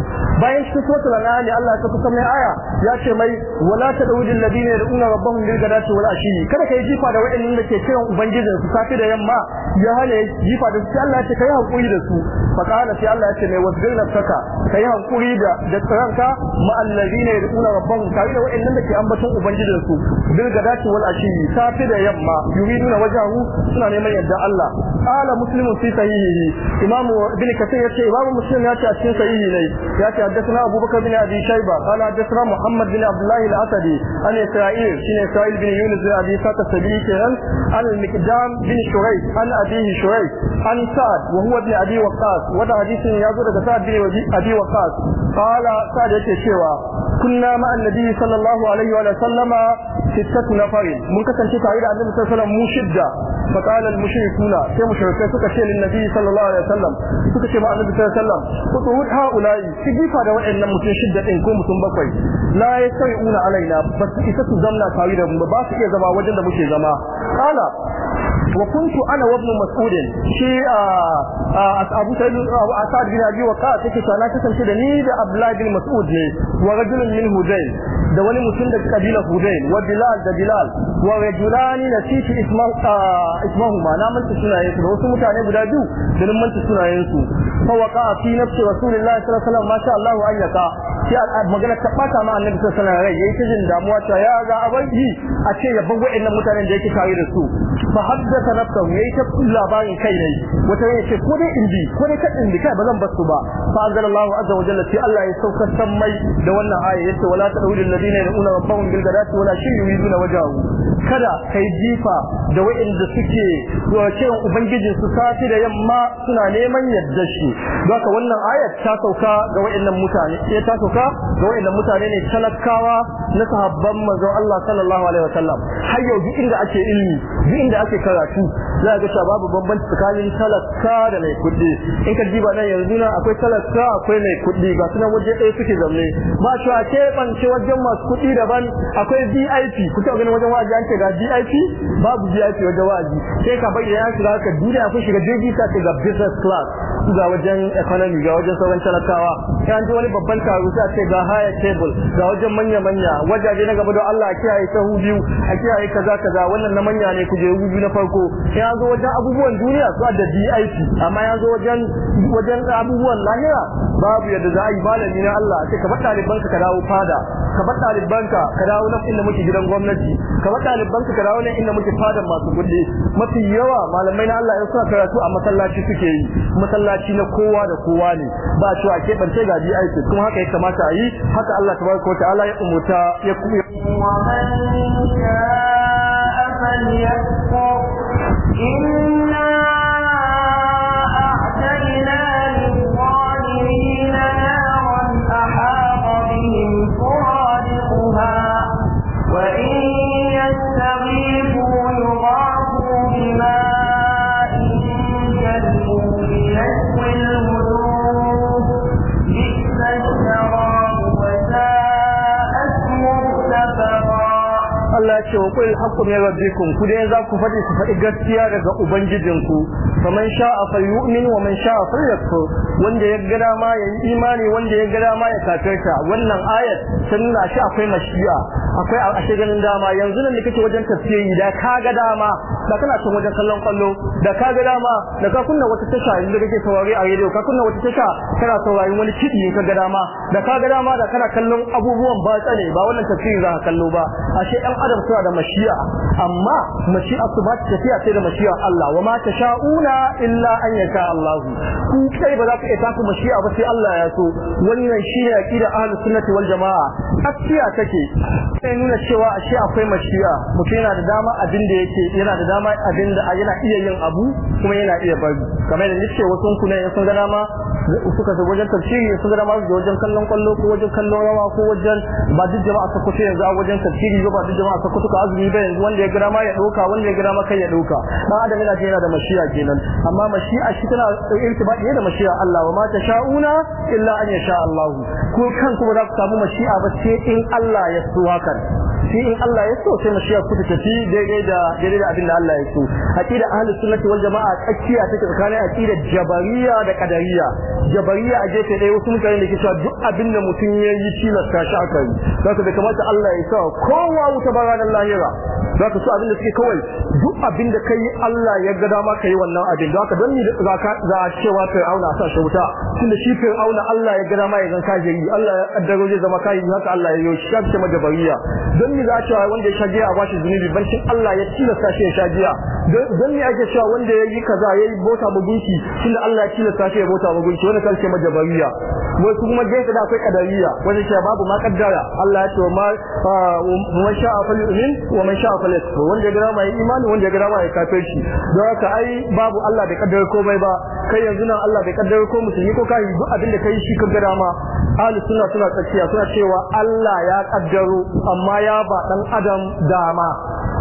bayan cikin suratul an'am Allah ya kusa mai aya ya ce mai wala tad'u lil ladina yad'una rabbahum bil ghadati wal ashi kada kai jifa da waɗannan da ke kiran ubangijin su safi da yamma ya hana jifa da sai Allah ya ce kai hankuri da su fa kana sai Allah ya ce mai saka ka kai hankuri da da tsaranka ma allazina yad'una rabbahum kai da wa'annan da ke ambaton da su bil gadati wal ashi safi da yamma yuriduna wajahu suna neman yadda Allah qala muslimun fi sahihihi imamu ibn kathir yace imamu muslim yace a cikin sahihi ne yace haddathana abubakar bin abi shayba qala haddathana muhammad bin abdullah al-asadi an isra'il shine isra'il bin yunus bin abi sata sabili kiran al-miqdam bin shuraih an abihi shuraih عن سعد وهو ابن أبي وقاص وده حديث يقول لك سعد بن أبي وقاص قال سعد يكشوا كنا مع النبي صلى الله عليه وسلم ستة نفر من كتن تتعيد عن النبي صلى الله عليه وسلم مشدة فقال المشركون كي مشركين سكا شيء للنبي صلى الله عليه وسلم سكا شيء مع النبي صلى الله عليه وسلم قطعود هؤلاء سجيفة دواء إن متن شدة إن كوم سنبقوي لا يستوئون علينا بس إسا تزمنا تعيدا بس إيه زما وجند مشي زما قال wa kuntu ana wa ibn mas'ud shi abu sa'id asad bin abi waqas yake sana kasance da ni da abdullah bin mas'ud ne wa rajulun min hudayl da wani mutum daga kabilar hudayl wa dilal da bilal wa rajulani nasitu ismahuma na manta sunayen su da wasu mutane guda biyu da manta sunayen su فوقع في نفس رسول الله صلى الله عليه وسلم ما شاء الله magana ta bata ma annabi sallallahu alaihi wasallam rai yayi jin damuwa ta ya ga abai a ce ya bar wa'annan mutanen da yake tare da su fa haddatha nafsahu yayi ta labarin kai ne wata yace ko dai indi ko dai ka indi kai bazan bar su ba fa anzalallahu azza wa jalla sai Allah ya sauka san mai da wannan aya yace wala tadawil ladina yad'una rabbahum bil ghadati wala shay'in yuriduna wajahu kada kai jifa da wa'anda suke cewa ubangijin su safi da yamma suna neman yadda shi zaka wannan ayat ta sauka ga wayannan mutane sai eh, ta sauka ga wayannan mutane ne talakawa na sahabban manzo Allah sallallahu alaihi wasallam har yau duk inda ake ilimi duk inda ake karatu za ga babu bambanci tsakanin talaka da mai kuɗi in ka diba nan yanzu na akwai talaka akwai mai kuɗi ba sunan waje ɗaya suke zaune ba shi a keɓance wajen masu kuɗi daban akwai VIP ta ganin wajen wa'azi an ce ga VIP babu VIP wajen wa'azi sai ka bayyana shi ka duniya kun shiga jirgi ta ga business class su ga wajen economy ga wajen sauran talakawa sai ji wani babban taro sai a ce ga haya table ga wajen manya manya wajaje na gaba don Allah a kiyaye sahu biyu a kiyaye kaza kaza wannan na manya ne kujeru biyu na farko sai an zo wajen abubuwan duniya su da DIP amma ya zo wajen wajen abubuwan lahira babu yadda za a yi malami na Allah sai ka bar ɗalibanka ka dawo fada ka bar ɗalibanka ka dawo nan inda muke gidan gwamnati ka bar ɗalibanka ka dawo nan inda muke fadan masu kuɗi mafi yawa malamai na Allah ya suna karatu a masallaci suke yi masallaci masallaci na kowa da kowa ne ba cewa ke bance bi aiki kuma haka ya kamata a yi haka Allah tabaraka wataala ya umuta ya kuma wa man ce wa qul haqqu min rabbikum ku dai za ku faɗi ku faɗi gaskiya daga ubangijinku faman sha'a falyu'min wa man sha'a falyakfur wanda ya ga dama ya yi imani wanda ya ga dama ya kafirta wannan ayat ta nuna shi akwai mashiya akwai a ganin dama yanzu nan da kake wajen tafsiri da ka ga dama da kana son wajen kallon kallo da ka ga dama da ka kunna wata tasha inda kake saurari a rediyo ka kunna wata tasha kana saurari wani kidi ka ga dama da ka ga dama da kana kallon abubuwan ba tsane ba wannan tafsiri za ka kallo ba ashe 'yan adam suna da mashiya amma mashi'a su ba ta tafiya sai da mashi'a Allah wa ma tasha'una mashi'ata illa an yasha Allah ku kai ba za ku iya taku mashi'a ba sai Allah ya so wannan shine aqida ahlus sunnati wal jamaa asiya take sai nuna cewa ashe akwai mashi'a mutum yana da dama abin da yake yana da dama abin da yana iya yin abu kuma yana iya bari kamar da nake wasu ya sun ga dama suka su wajen tafsiri su ga masu wajen kallon kwallo ko wajen kallon rawa ko wajen ba duk jama'a ta kuce yanzu a wajen tafsiri ba duk jama'a ta kuce ka azumi ba yanzu wanda ya gida ma ya dauka wanda ya gida ma kai ya dauka dan adam yana yana da mashiya kenan amma mashiya shi tana irtibati ne da mashiya Allah wa ma sha'una illa an yasha Allah ko kanku ba za ku samu mashi'a ba sai in Allah ya so hakan sai in Allah ya so sai mashiya ku tafi daidai da daidai da abin da Allah ya so aqida ahli sunnati wal jamaa tsakiya take tsakanin aqida jabariya da qadariya jabariya a gefe dai wasu mutane da ke cewa duk abin da mutum ya yi tilasta shi aka yi zaka da kamata Allah ya sa kowa wuta baranan lahira zaka so abin da suke kawai duk abin da kai Allah ya ga dama kai wannan abin zaka don ni zaka za a cewa Fir'auna sa shi wuta tunda shi auna Allah ya ga dama ya zan kajiri Allah ya kaddaro zai zama kajiri haka Allah ya yi shi ta majabariya don me za a cewa wanda ya sha giya a ba bashi zunubi bancin Allah ya tilasta shi ya sha giya don me ake cewa wanda ya yi kaza ya yi bota mugunci tunda Allah ya tilasta shi ya bota mugunci wanda kan ce majabariya wasu kuma gefe da akwai kadariya wanda ce babu ma kaddara Allah ya ce wa man sha a sha'a falyu'min wa man sha a sha'a falyakfur wanda ya gara ma ya imani wanda ya gara ma ya shi don haka ai babu Allah bai kaddar komai ba kai yanzu nan Allah bai kaddar ko musulmi ko kai duk abin da kai shi ka gara ma ahlus sunna suna tsakiya suna cewa Allah ya kaddaro amma ya ba dan adam dama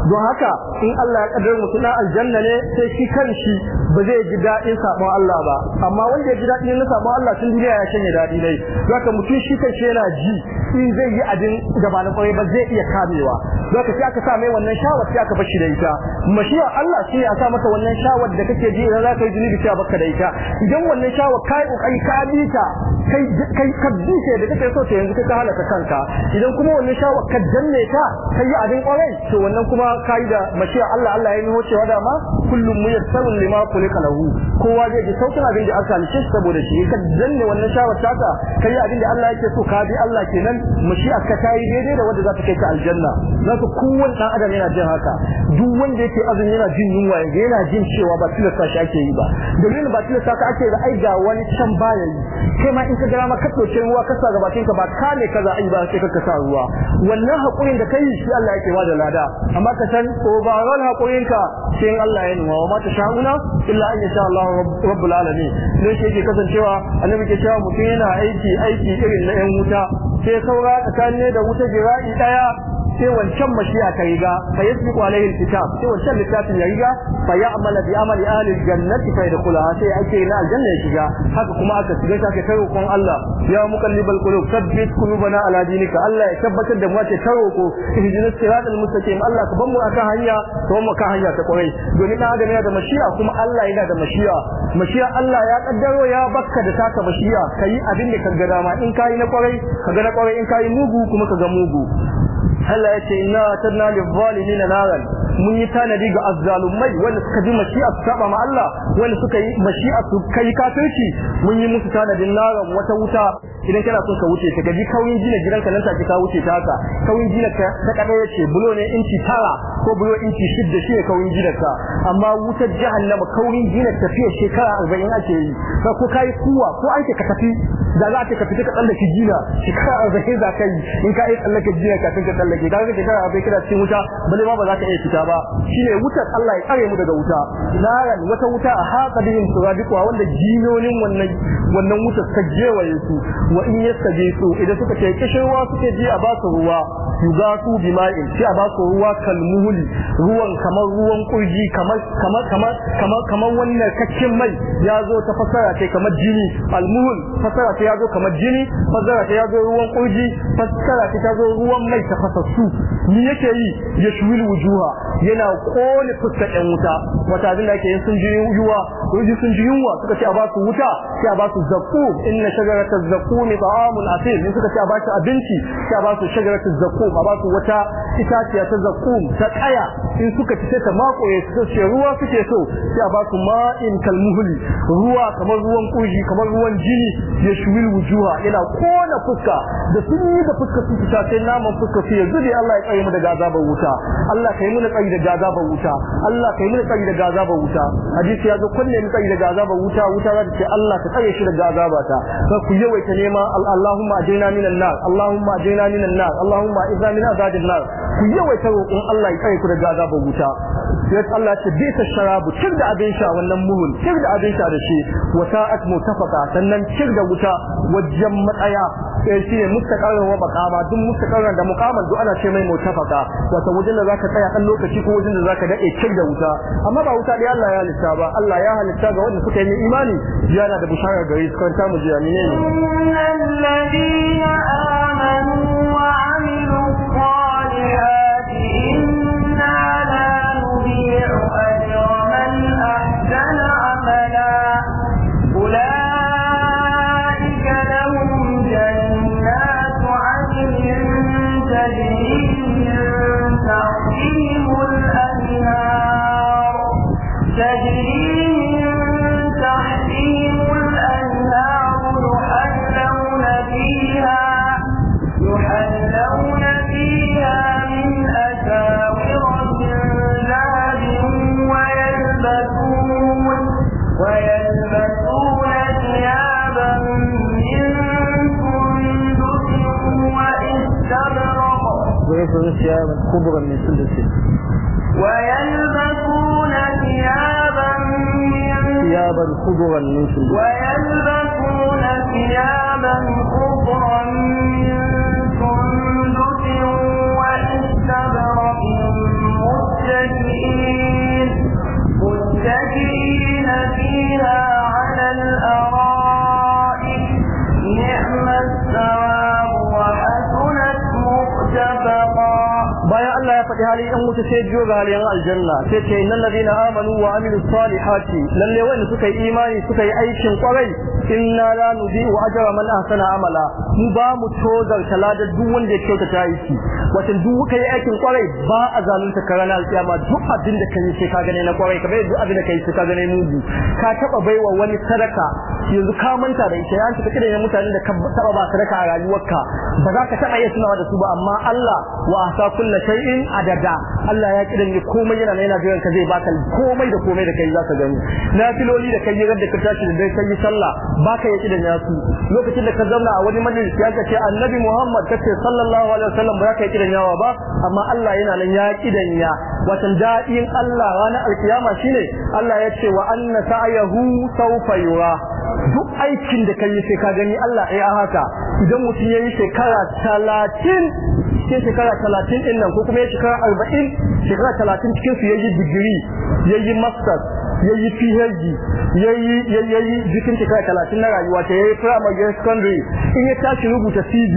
don haka in Allah ya kaddara mutum na aljanna ne sai shi kanshi ba zai ji dadin sabon Allah ba amma wanda ya ji dadin na sabon Allah tun duniya ya shanye dadi dai zaka mutum shi kanshi yana ji in zai yi adin gaba na kwarai ba zai iya kamewa zaka sai aka sa mai wannan shawar sai aka bashi da ita mashiya Allah shi ya sa maka wannan shawar da kake ji idan zaka yi zunubi sai baka da ita idan wannan shawar kai kokari ka bi ta kai ka bushe da kake so ta yanzu ka halaka kanka idan kuma wannan shawa ka danne ta kai abin kwarai to wannan kuma kai da mashi Allah Allah ya nuna cewa dama kullum muyassaru lima kulika lahu kowa zai ji saukin abin da aka halice shi saboda shi ka danne wannan shawa ta ka kai abin da Allah yake so ka bi Allah kenan mashi aka tayi daidai da wanda za ta kai ka aljanna zaka kowa dan adam yana jin haka duk wanda yake azumi yana jin yunwa yana jin cewa ba tilasta shi ake yi ba dalilin ba tilasta ka ake da ai ga wani can bayani kai ma ka gara ma ka doke ruwa ka sa gabatin ka ba ka ne kaza ai ba sai ka sa ruwa wannan hakurin da kai shi Allah yake wada lada amma ka san overall hakurin ka sai Allah ya nuna wa mata sha'una illa an yasha Allah rabbul alamin ne shi yake kasancewa annabi ke cewa mutum yana aiki aiki irin na yan wuta sai saura tsakanin da wuta jira'i daya sai wancan mashiya ta riga fa yasbiqu alayhi alkitab sai wancan littafin ya riga fa ya'mala bi amali ahli aljannati fa yadkhulaha sai ake na aljanna ya shiga haka kuma aka shiga take kai ko bayan Allah ya muqallibal qulub thabbit qulubana ala dinika Allah ya tabbatar da mu ce karo ko ihdinas siratal mustaqim Allah ka ban mu akan hanya ka ban mu ka hanya ta kwarai domin dan adam yana da mashiya kuma Allah yana da mashiya mashiya Allah ya kaddaro ya bakka da taka mashiya kai abin da ka ga dama in kai na kwarai ka ga na kwarai in kai mugu kuma ka ga mugu Allah ya ce inna tadna lil zalimin naran mun yi tanadi ga azzalumai wanda suka ji mashi'a su saba ma Allah wanda suka yi mashi'a su kai kafirci mun yi musu tanadin naran wata wuta idan kana son ka wuce ka gaji kauyin gina gidanka nan take ka wuce ta haka kauyin gina ka ta kada yace bulo ne inci tara ko bulo inci shidda shi ne kauyin ginarka amma wutar jahannama kauyin gina tafiya shekara 40 ake yi ka ko kai kuwa ko an ka tafi da za ka fita ka tsallake gina shekara 40 za ka yi in ka yi tsallake gina ka tun ka tsallake kake kaga kake kana abai kira cikin wuta bale ma ba za ka iya fita ba shine wutar Allah ya tsare mu daga wuta naran wata wuta a haqadin suradiqwa wanda jinonin wannan wannan wutar ta jewaye su wa in yastajisu idan suka kai kishirwa suke ji a ba su ruwa yugatu bima'in sai a ba su ruwa kalmuhuli ruwan kamar ruwan kurji kamar kamar kamar kamar kamar wannan kakkin mai ya zo ta fasara ce kamar jini almuhul fasara ce ya zo kamar jini fasara ce ya zo ruwan kurji fasara ce ta zo ruwan mai ta fasara su ni yake yi ya shuwil wujuha yana kone fuskar ɗan wuta wata abin da ake yin sun ji yunwa sun ji sun ji yunwa suka ce a ba su wuta sai a ba su zakku inna shajarata zakkum ta'amun asim in suka ce a ba su abinci sai a ba su shajarata a ba su wata itaciya ta zakkum ta kaya in suka ci ta makoye su ce ruwa suke so sai a ba su ma'in kalmuhuli ruwa kamar ruwan kurji kamar ruwan jini ya shuwil wujuha yana kona fuska da sun yi da fuska su ta sai naman fuska su dade Allah ya tsare mu daga azabar wuta Allah kai mu tsari daga azabar wuta Allah kai mu tsari daga azabar wuta hadisi ya zo kunne mu tsari daga azabar wuta wuta za ta ce Allah ka tsare shi daga azabata sai ku yawaita nema Allahumma ajina minan nar Allahumma ajina minan nar Allahumma izna min azabil nar ku yawaita roƙon Allah ya tsare ku daga azabar wuta sai Allah ya ce bisa sharabu cir da abin sha wannan muhun cir da abin sha da shi wata'at mutafaka sannan cir da wuta wajen matsaya sai eh, shi ne mustaqarran wa maqama duk mustaqarran da muqaman duk ana ce mai mutafaka wato wajen da zaka tsaya dan lokaci ko wajen da zaka dade cin da wuta amma ba wuta dai Allah ya halitta ba Allah ya halitta ga wanda suka yi imani yana da bushara gare su kan ta mu ji amine خضرا من سندس ويلبسون ثيابا faɗi halin yan wuta sai biyo ga halin aljanna sai ce innal ladina amanu wa amilu salihati lalle wanda suka yi imani suka yi aikin kwarai inna la nudhi'u ajra man ahsana amala mu ba mu tozar talada duk wanda ya ta aiki wato duk kai aikin kwarai ba a zalunta karana alkiyama duk abin da kai sai ka gane na kwarai kamar duk abin da kai sai ka gane mugu ka taba baiwa wani sadaka yanzu ka manta da ita yanzu kake da mutanen da ka taba ba sadaka a rayuwarka ba za ka taba iya tunawa da su ba amma Allah wa asa kullu shay'in adada Allah ya kidan komai yana yana jiran ka zai baka komai da komai da kai za ka gani na filoli da kai da ka tashi da dai kai sallah baka ya kidan yasu lokacin da ka zauna a wani majalisi ya ce annabi Muhammad kace sallallahu alaihi wasallam ba ka ya kidan yawa ba amma Allah yana nan ya kidan ya watan da'in Allah ranar alkiyama shine Allah ya ce wa anna sa'yahu sawfa yura duk aikin da kai sai ka gani Allah ya haka idan mutum yayi shekara 30 sai shekara 30 din nan ko kuma ya shekara 40 shekara 30 cikin su yayi digiri yayi master yayi PhD yayi yayi cikin shekara 30 na rayuwa ta yayi primary secondary in ya tashi rubuta CV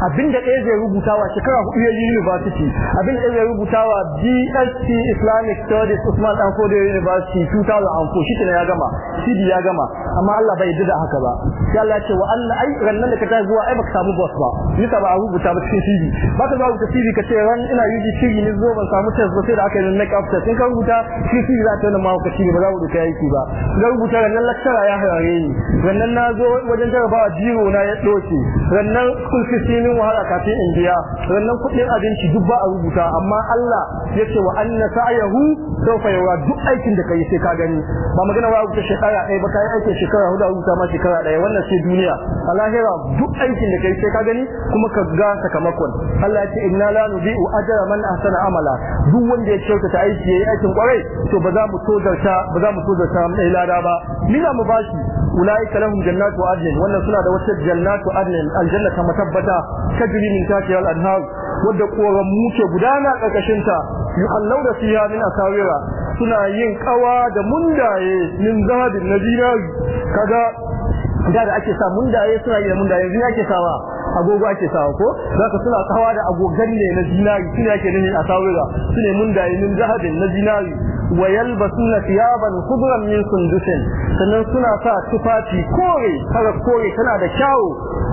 abinda ɗaya zai rubuta wa shekara hudu ya yi university abinda ɗaya zai rubuta wa BSc Islamic Studies Usman Dan Fodio University 2004 shi ne ya gama CD ya gama amma Allah bai yarda da haka ba sai Allah ya ce wa Allah ai rannan da ka ta zuwa ai baka samu boss ba nisa ba a rubuta ba cikin CD ba ka rubuta CD ka ce ran ina UG CD ne zo ban samu test ba sai da aka yi make up test in ka rubuta shi CD za ta nuna ma ka CD ba za rubuta yaki ba ga rubuta rannan lecturer ya harare ni rannan na zo wajen jarabawa jiro na ya doke rannan school system min wahala kafin in biya sannan kuɗin abinci duk ba a rubuta amma Allah ya ce wa anna sa'yahu sawfa yura duk aikin da kai sai ka gani ba magana wa rubuta shekara ɗaya ba kai aikin shekara hudu a rubuta ma shekara ɗaya wannan sai duniya a lahira duk aikin da kai sai ka gani kuma ka ga sakamakon Allah ya ce inna la nudhi'u ajra man ahsana amala duk wanda ya kyautata aiki yayi aikin kwarai to ba za mu tozarta ba za mu tozarta mai lada ba ni na mu bashi ulai kalahum jannatu adnin wannan suna da wata jannatu adnin aljanna ta tabbata. tajri min tahtiha al-anhar wadda koran muke gudana karkashin ta da fiha min asawira suna yin kawa da mundaye min zahabin na kaga da da ake sa mundaye suna yin mundaye yanzu ake sawa agogo ake sawa ko zaka suna kawa da agogan ne na dinari suna ke nuni asawira sune mundaye min zahabin na wa yalbasuna thiyaban khudran min sundusin sannan suna sa tufafi kore kaga kore tana da kyau.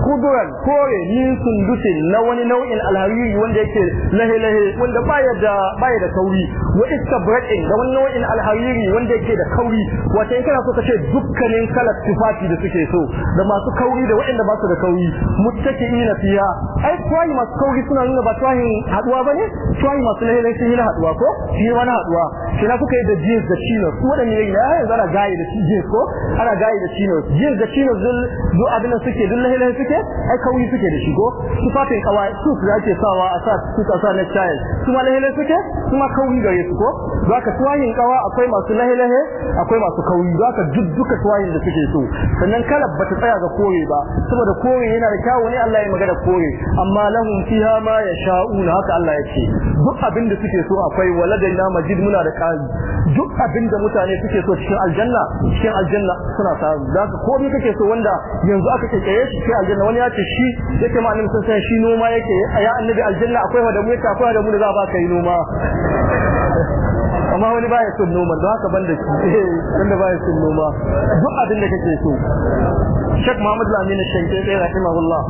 khudran kore min sundusin na wani nau'in alhariri wanda yake lahe lahe wanda baya da baya da kauri wa istabraqin da wani nau'in alhariri wanda yake da kauri wato in kana so kace dukkanin kalar tufafi da suke so da masu kauri da waɗanda ba su da kauri muttaqiina fiya ai tuwayi masu kauri suna nuna ba tuwayin haduwa bane tuwayi masu lahe lahe sun yi haduwa ko shi wani haduwa kina kai da jeans da chinos su wadanne ne ya yanzu ana gaye da jeans ko ana gaye da chinos jeans da chinos dul du abin da suke dul lahilai suke ai kawai suke da shigo su fatin kawai su da ake sawa a sa su ka sa na chai su ma lahilai suke su ma kawai gare su ko zaka tuwayin kawa akwai masu lahilai akwai masu kawai zaka duk duka tuwayin da suke so sannan kala bata tsaya ga kore ba saboda kore yana da kyawu ne Allah ya magana kore amma lahum fiha ma yasha'un haka Allah ya ce duk abin da suke so akwai na majid muna da kazi duk abinda mutane suke so cikin aljanna cikin aljanna suna samu ko komai kake so wanda yanzu aka ce shi cikin aljanna wani ya ce shi yake ma annabi sun shi noma yake ya annabi aljanna akwai wadamu yake akwai wadamu da za a ka yi noma amma wani baya son noma don haka banda shi eh, wanda baya son noma duk abin da kake so Sheikh Muhammad Lamin Shankiri rahimahullah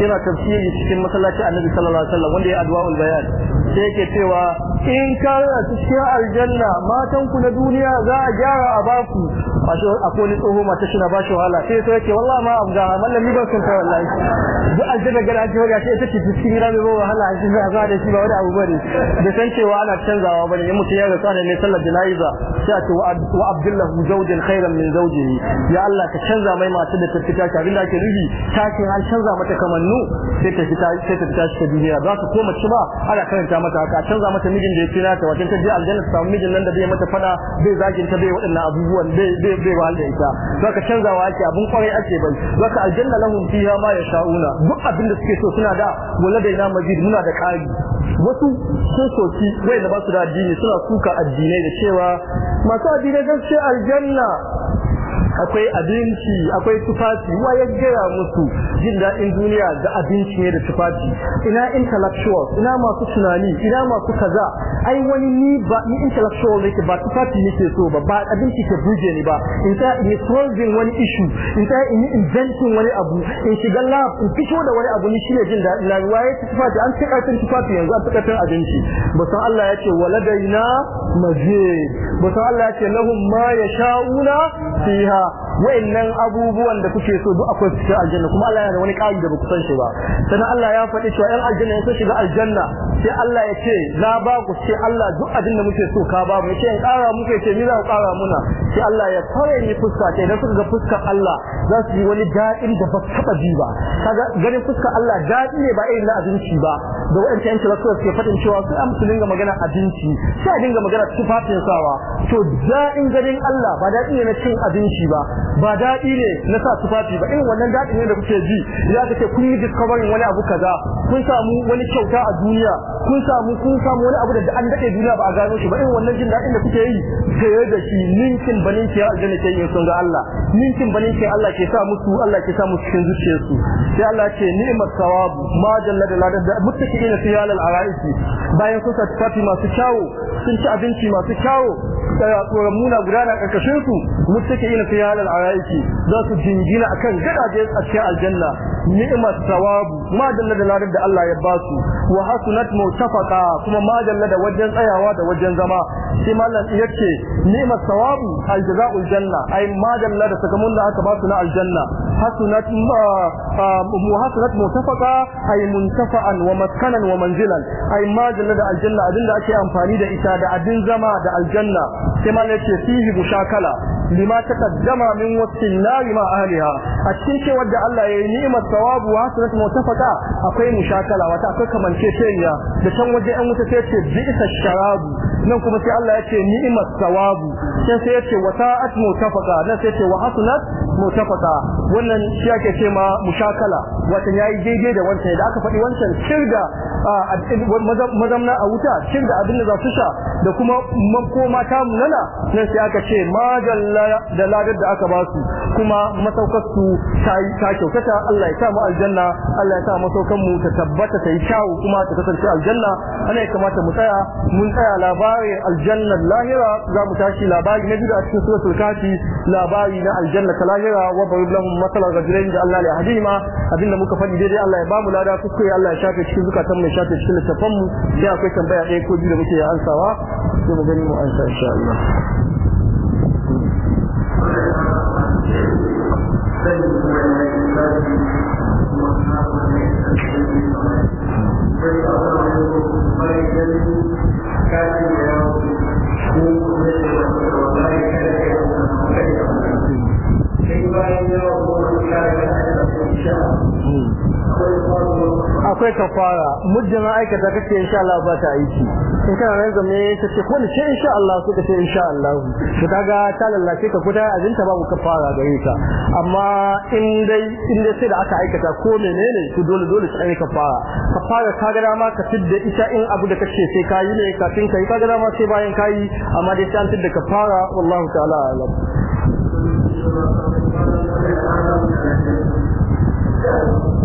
yana tafsiri cikin masallaci Annabi sallallahu alaihi wasallam wanda ya adwaul bayan sai yake cewa in ka cikin aljanna matan ku na duniya za a gyara a baku wato akwai wani tsoho mata shi na bashi wahala sai sai yake wallahi ma abga mallan ni ba san ta wallahi duk aljanna ga ake ga sai take cikin rami ba wahala shi za a da shi ba wani abu bane da san cewa ana canzawa bane in mutum ya rasa da mai sallar jana'iza sai a ce wa abdullahu zawjan khairan min zawjihi ya Allah ka canza mai mata da tafita ta abinda ake nufi ta ce an canza mata kamannu sai ta fita sai ta fita shi ta duniya za ka koma ci ba ana karanta mata haka canza mata mijin da ya kira ta wajen ta je aljanna ta samu mijin nan da bai mata fada zai zagin ta bai waɗannan abubuwan bai bai bai ita za ka canzawa ake abun kwarai ake bai za ka aljanna lahum fiha ma sha'una. duk abin da suke so suna da waladaina majid muna da kari wasu sun soki wai da ba su da addini suna suka addini addinai da cewa masu addinai zan ce aljanna akwai abinci akwai tufafi wa ya gaya musu jin daɗin duniya da abinci ne da tufafi ina intellectual ina masu tunani ina masu kaza ai wani ni ba ni intellectual ke ba tufafi ke so ba ba abinci ke buje ni ba in ta in solving wani issue in ta in inventing wani abu in shiga lab in fito da wani abu ni shine jin daɗi rayuwa ya tufafi an tsaka tun tufafi yanzu an tsaka tun abinci ba san Allah yake waladaina majid ba san Allah yake lahum ma yasha'una fiha wayannan abubuwan da kuke so duk akwai cikin aljanna kuma Allah yana da wani kai da ku san shi ba sannan Allah ya faɗi cewa ɗan aljanna ya shiga aljanna sai Allah ya ce na ba ku ce Allah duk abin da muke so ka ba mu Sai in ƙara muke ce ni za ku ƙara muna sai Allah ya kare ni fuska ce idan suka ga fuskar Allah za su yi wani da'in da ba taɓa ji ba kaga ganin fuskar Allah daɗi ne ba irin na abinci ba da waɗancan yanci ba suke faɗin cewa sai an su dinga magana abinci sai a dinga magana tufafin sawa to da'in ganin Allah ba daɗi ne na cin abinci ba ba ba daɗi ne na sa tufafi ba irin wannan daɗi ne da kuke ji ya ka kun yi discovering wani abu kaza kun samu wani kyauta a duniya kun samu kun samu wani abu da an daɗe duniya ba a gano shi ba irin wannan jin daɗin da kuke yi gaye da shi ninkin banin ki ya aljanna ke yin sun ga Allah ninkin banin ki Allah ke sa musu Allah ke sa musu cikin su sai Allah ce ni'mat sawabu ma jalla da ladar da muttaqina fi halal araisi bayan sun tufafi masu kyawo sun ci abinci masu kyawo. tsoron muna gudana karkashin su take yin fi halal araiki za su jingina akan gadaje a cikin aljanna ni'mat sawabu ma da ladar da Allah ya ba su wa hasunat mutafaqa kuma ma da wajen tsayawa da wajen zama sai mallan yake ni'mat thawabu aljaza'ul janna ai madalla da sakamon da aka ba su na aljanna hasunat ah, mu hasunat mutafaqa ai muntafa'an wa maskanan wa manzilan ai madalla da aljanna abinda ake amfani da ita da abin zama da aljanna sai mallan yake fihi mushakala lima taqaddama min wasfin nari ma ahliha a cikin cewa da Allah ya yi ni'mat sawabu wa hasunat mutafaqa akwai mushakala wata akwai kamanceceniya da can waje an wuta sai ce bi'sa sharabu nan kuma sai Allah ya ce ni'mat sawabu sai sai yace ce wa ta'at mutafaka na sai yace wa hasunat mutafaka wannan shi ake ce ma mushakala wato yayi daidai da wancan da aka faɗi wancan shirga mazamna a wuta shirga abin da za su sha da kuma makoma ta munana nan sai aka ce ma da ladar da aka ba su kuma masaukar su ta kyautata Allah ya sa mu aljanna Allah ya sa masaukan mu ta tabbata ta yi kyawu kuma ta kasance aljanna ana kamata mu tsaya mun tsaya labarin aljanna aljannar lahira za mu tashi labari na biyu a cikin suratul kafi labari na aljanna ta lahira wa barib lahum da rajulain da Allah ya hadima abinda muka faɗi daidai Allah ya ba mu lada kuka ya Allah ya shafe cikin zukatan mai shafe cikin littafan mu sai akwai tambaya ɗaya ko biyu da muke ansawa sai mu gani mu ansa insha Allah Thank you. akwai kafara muddin aikata kake insha Allah ba ta aiki in kana nan zame kace ko ne insha Allah suka ce insha Allah to kaga ta lallace ka kuda ajinta babu kafara gare ta amma in dai in dai sai da aka aikata ko menene to dole dole sai kafara kafara kaga dama ka tidda ita in abu da kace sai kayi ne kafin kai kaga dama sai bayan kayi amma dai ta tidda kafara wallahu ta'ala alam Thank you.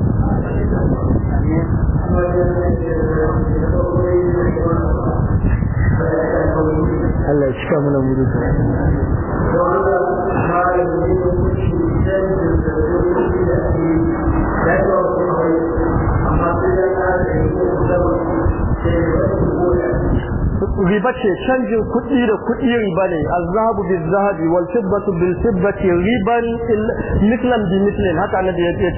Allah ya cika mana murutu riba ce canjin kuɗi da kuɗi riba ne azhabu bil zahabi wal fiddatu bil fiddati riban mithlan bi mithlin haka annabi ya ce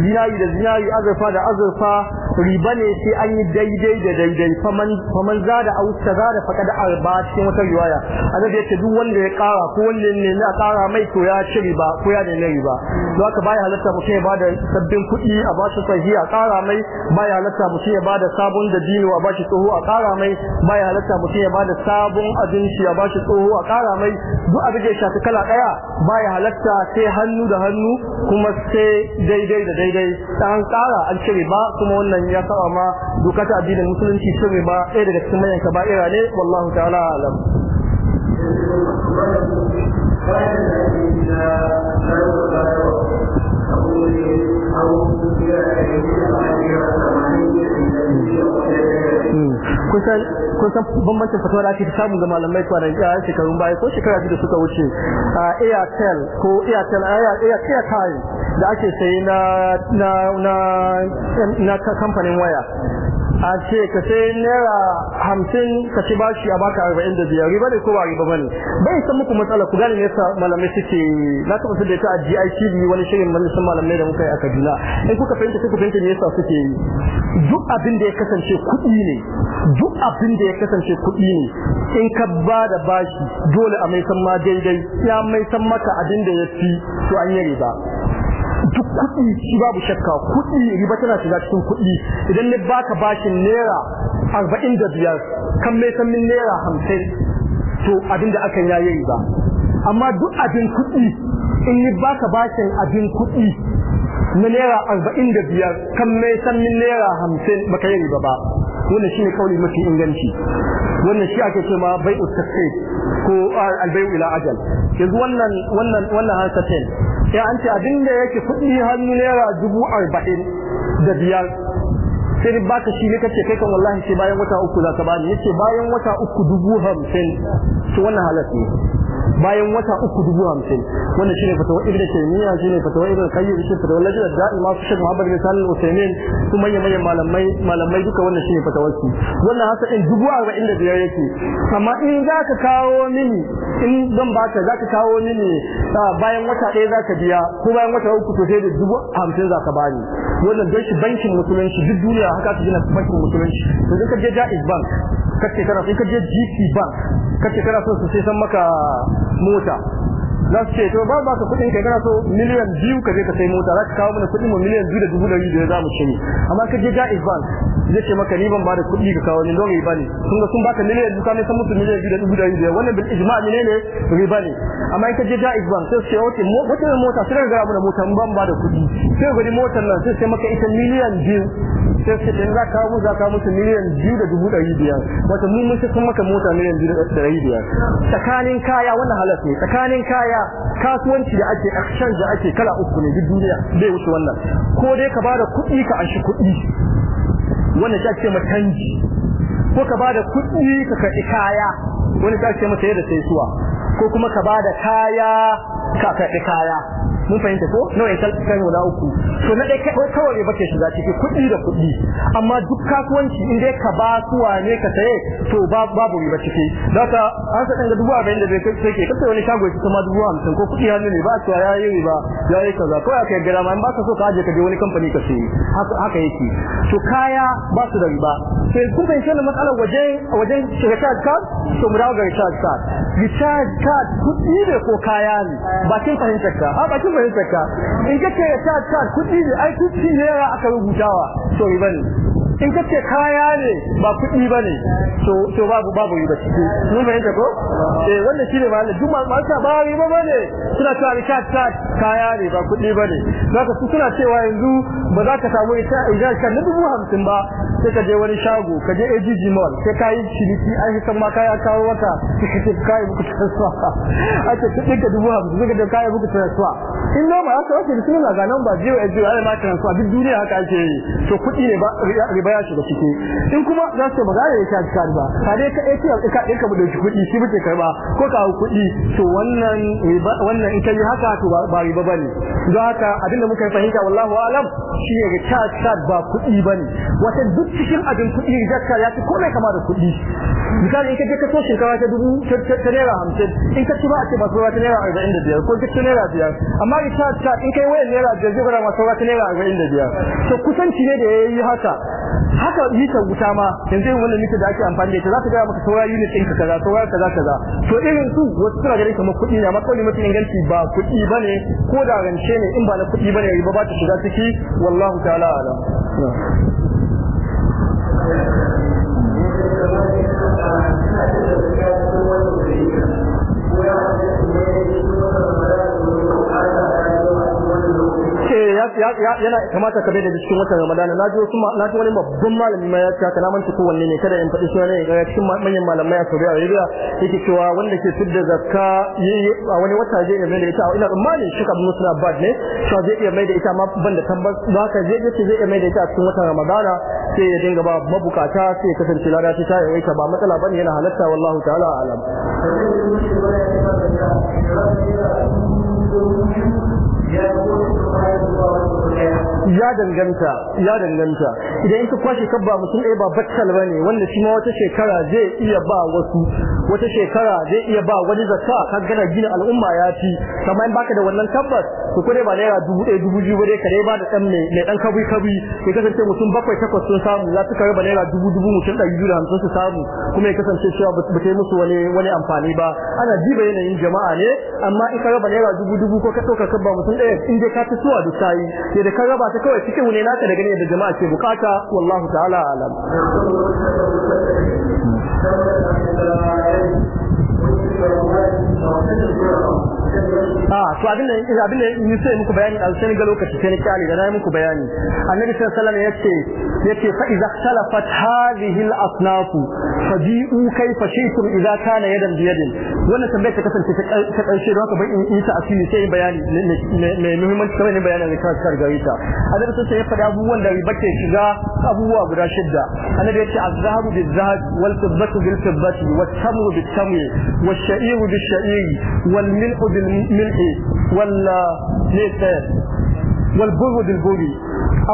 zinari da zinari azurfa da azurfa riba ne sai an yi daidai da daidai faman faman zada aw tazada faqad arba cikin wata riwaya annabi yace duk wanda ya kara ko wanda ne ne a kara mai to ya ci riba ko ya ne riba to haka baya halatta mutum ya bada sabbin kuɗi a ba shi sahihi a kara mai baya halatta mutum ya bada sabon da dini a ba shi tsoho a kara mai baya halatta mutum ya bada sabon abinci a ba shi tsoho a kara mai duk abin da ya shafi kala daya baya halatta sai hannu da hannu kuma sai daidai da daidai an kara an ci riba kuma wannan ya saba ma doka ta addinin musulunci ce mai ba ɗaya daga cikin manyan ira ne wallahu ta'ala alam Thank you. kusan kusan bambancin fatawa da ake samu ga malamai kwanan ya shekarun baya ko shekara da suka wuce a Airtel ko Airtel Airtel Airtel da ake sayi na na na kamfanin waya a ce ka sai naira hamsin ka ci bashi a baka arba'in da biyar riba ne ko ba riba bane bai san muku matsala ku gane yasa malamai suke na taɓa su da ta a GITV wani shirin majalisar malamai da muka yi a Kaduna in kuka fahimta sai ku fahimta me yasa suke yi duk abin da ya kasance kuɗi ne duk abin da ya kasance kuɗi ne in ka ba da bashi dole a mai san ma daidai ya mai san maka abin da ya fi to an yi riba duk kuɗi shi babu shakka kuɗi riba tana shiga cikin kuɗi idan ne baka bashin naira arba'in da biyar kan mai san min naira hamsin to abinda akan yayi ba amma duk abin kuɗi in ni baka bashin abin kuɗi na naira arba'in da biyar kan mai san min naira hamsin baka yi ba ba wannan shine kauli mafi inganci wannan shi ake cewa bai'u tasfid ko ah, albayu ila ajal yanzu wannan wannan wannan hasatin sai an ce abin da yake kuɗi hannu naira dubu arba'in da biyar sai ni baka shi ne kace kai kan wallahi sai bayan wata uku za ka bani yace bayan wata uku dubu hamsin to wannan halal bayan wata uku dubu hamsin wannan shine fatawa ibnu taymiya shine fatawa ibnu qayyim shine fatawa lajna da'ima su shek muhammad bin salih al-usaymin su manyan manyan malamai malamai duka wannan shine fatawar su wannan haka in dubu arba'in da biyar yake amma in zaka ka kawo mini in zan baka zaka ka kawo mini bayan wata ɗaya za ka biya ko bayan wata uku to sai da dubu hamsin za ka bani wannan don shi bankin musulunci duk duniya haka su gina bankin musulunci to duka je jaiz bank kace kana in ka je bank kace kana so su sai san maka mota za su ce to ba ba ka kuɗin ka gana so miliyan biyu ka je ka sai mota za ka kawo mana kudin ma miliyan biyu da dubu ɗari da za mu ce ni amma ka je Jaiz Bank zai ce maka ni ban ba da kudi ka kawo ni don riba ne sun ga sun baka miliyan biyu ka mai mutu miliyan biyu da dubu ɗari da wannan bil ijma ne ne riba ne amma in ka je Jaiz Bank sai su ce wace wata mota sai ka ga mana mota mun ban ba da kudi sai ga ni motar nan sai sai maka ita miliyan biyu sai su in za kawo musu za ka musu miliyan biyu da dubu ɗari biyar wata mun mun sun maka mota miliyan biyu da ɗari biyar tsakanin kaya wannan halas ne tsakanin kaya kasuwanci da ake action da ake kala uku ne duk duniya bai wuce wannan ko dai ka bada kuɗi ka anshi kuɗi wannan shi ake ma tanji ko ka bada kuɗi ka ka kaya wani ta ce masa yadda sai suwa ko kuma ka bada kaya ka karɓi kaya mun fahimta ko nau'in kalkan guda uku to na ɗaya kawai kawai ne bake shiga ciki kuɗi da kuɗi amma duk kasuwanci in dai ka ba su wane ka saye to babu riba ciki za ka an sa ɗanga dubu arba'in da bai kai sai ke kasa wani shago ya kuma dubu hamsin ko kuɗi hannu ne ba cewa ya yi riba ya yi kaza ko ya kai gara ma in ba ka so ka aje ka je wani kamfani ka sayi haka yake to kaya ba su da riba sai kun fahimci wannan matsalar wajen wajen recharge card to mu dawo ga recharge card recharge card kuɗi ne ko kaya ne bakin fahimtar ah, ka ha bakin fahimtar ka in kake ta ta kudi ne ai kudi ne aka rubutawa to riba ne in kace kaya ne ba kuɗi bane to to babu babu riba ciki mun da ko eh wannan shine malamin duk malamin sa ba ba bane suna cewa rikat tax kaya ne ba kuɗi bane zaka su suna cewa yanzu ba za ka samu ita idan ka na dubu hamsin ba sai ka je wani shago ka je AGG mall sai ka yi shiriki an san ma kaya kawo wata sai ka kai muku tsawa <laughs> ake kuɗin ka dubu hamsin sai ka je kai muku tsawa in nama ya kawo da sunan ga nan ba jiwa ya jiyo ai ma transfer duk duniya haka ake yi to kuɗi ne ba riba ya shiga ciki in kuma za su ba za ya sha card ba ka dai ka ATM eh, ka ɗinka eh, mu eh, dauki kuɗi shi muke karba ko ka hau kuɗi to wannan wannan ita yi haka to ba riba bane don haka abinda muka fahimta wallahu alam shi ne card card ba kuɗi bane wata duk cikin abin kuɗi zakka ya ci komai kama da kuɗi misali in ka je ka so shinkawa ta dubu ta naira hamsin in ka ci ba a ce ba ta naira arba'in da biyar ko ta naira biyar amma ta ta in kai wayan naira da zai gwada saura naira ga da biyar to kusanci ne da ya yi haka haka ta wuta ma yanzu wannan miki da ake amfani da ita za ta ga maka saura unit ɗinka kaza saura kaza kaza to irin su wasu suna ganin kamar kuɗi ne amma kawai mutum inganci ba kuɗi bane ko da rance ne in ba na kuɗi ba ne ba ta shiga ciki wallahu ta'ala ala yana kamata ka bai da cikin watan ramadana na ji wasu na ji wani babban malami ma ya ce haka na manta ko wanne ne kada in faɗi suna ne ga cikin manyan malamai a Saudi Arabia yake cewa wanda ke fidda zakka a wani wata zai iya mai da ita ina tsammani shi ka musu na bad ne to zai iya mai da ita ma ban da tabbas ba ka zai yace zai iya mai da ita a cikin watan ramadana sai ya dinga ba mabukata sai ya kasance lada ta yi ba matsala bane yana halatta wallahu ta'ala alam يقول سبحانه وتعالى ya danganta ya danganta idan ka kwashe kabba mutum ɗaya ba bakkal bane wanda shi ma wata shekara zai iya ba wasu wata shekara zai iya ba wani zakka ka gana gina al'umma ya ci kamar in baka da wannan tabbas to kure ba naira dubu ɗaya dubu biyu ba dai kare ba da ɗan mai mai ɗan kabi kabi ya kasance mutum bakwai takwas sun samu za su kare ba naira dubu dubu mutum ɗari biyu da hamsin su samu kuma ya kasance cewa ba ta yi musu wani wani amfani ba ana jiba yanayin jama'a ne amma in ka raba naira dubu dubu ko ka ɗauka kabba mutum ɗaya in dai ka fi suwa da tayi sai da ka raba ta kawai cikin ne naka da gani da jama'a ke bukata wallahu ta'ala alam hmm. to abin da abin da ni sai muku bayani a sai ga lokaci sai ni kali da nayi muku bayani annabi sallallahu alaihi wasallam yace yace fa idza ikhtalafat hadhihi al-asnaf fabi'u kayfa shaytum idza kana yadan bi yadin wannan tambayar ta kasance ta karshe don haka bai in isa asiri sai bayani mai muhimmanci kamar ne bayanin da ka kar gari ta annabi sai ya fada abubuwan da riba ke shiga abubuwa guda shidda annabi yace az-zahabu bil-zahab wal-fiddatu bil-fiddati wat-tamru bit-tamri wash-sha'iru bish-sha'iri wal-milhu bil والبخيل والبر بالبغي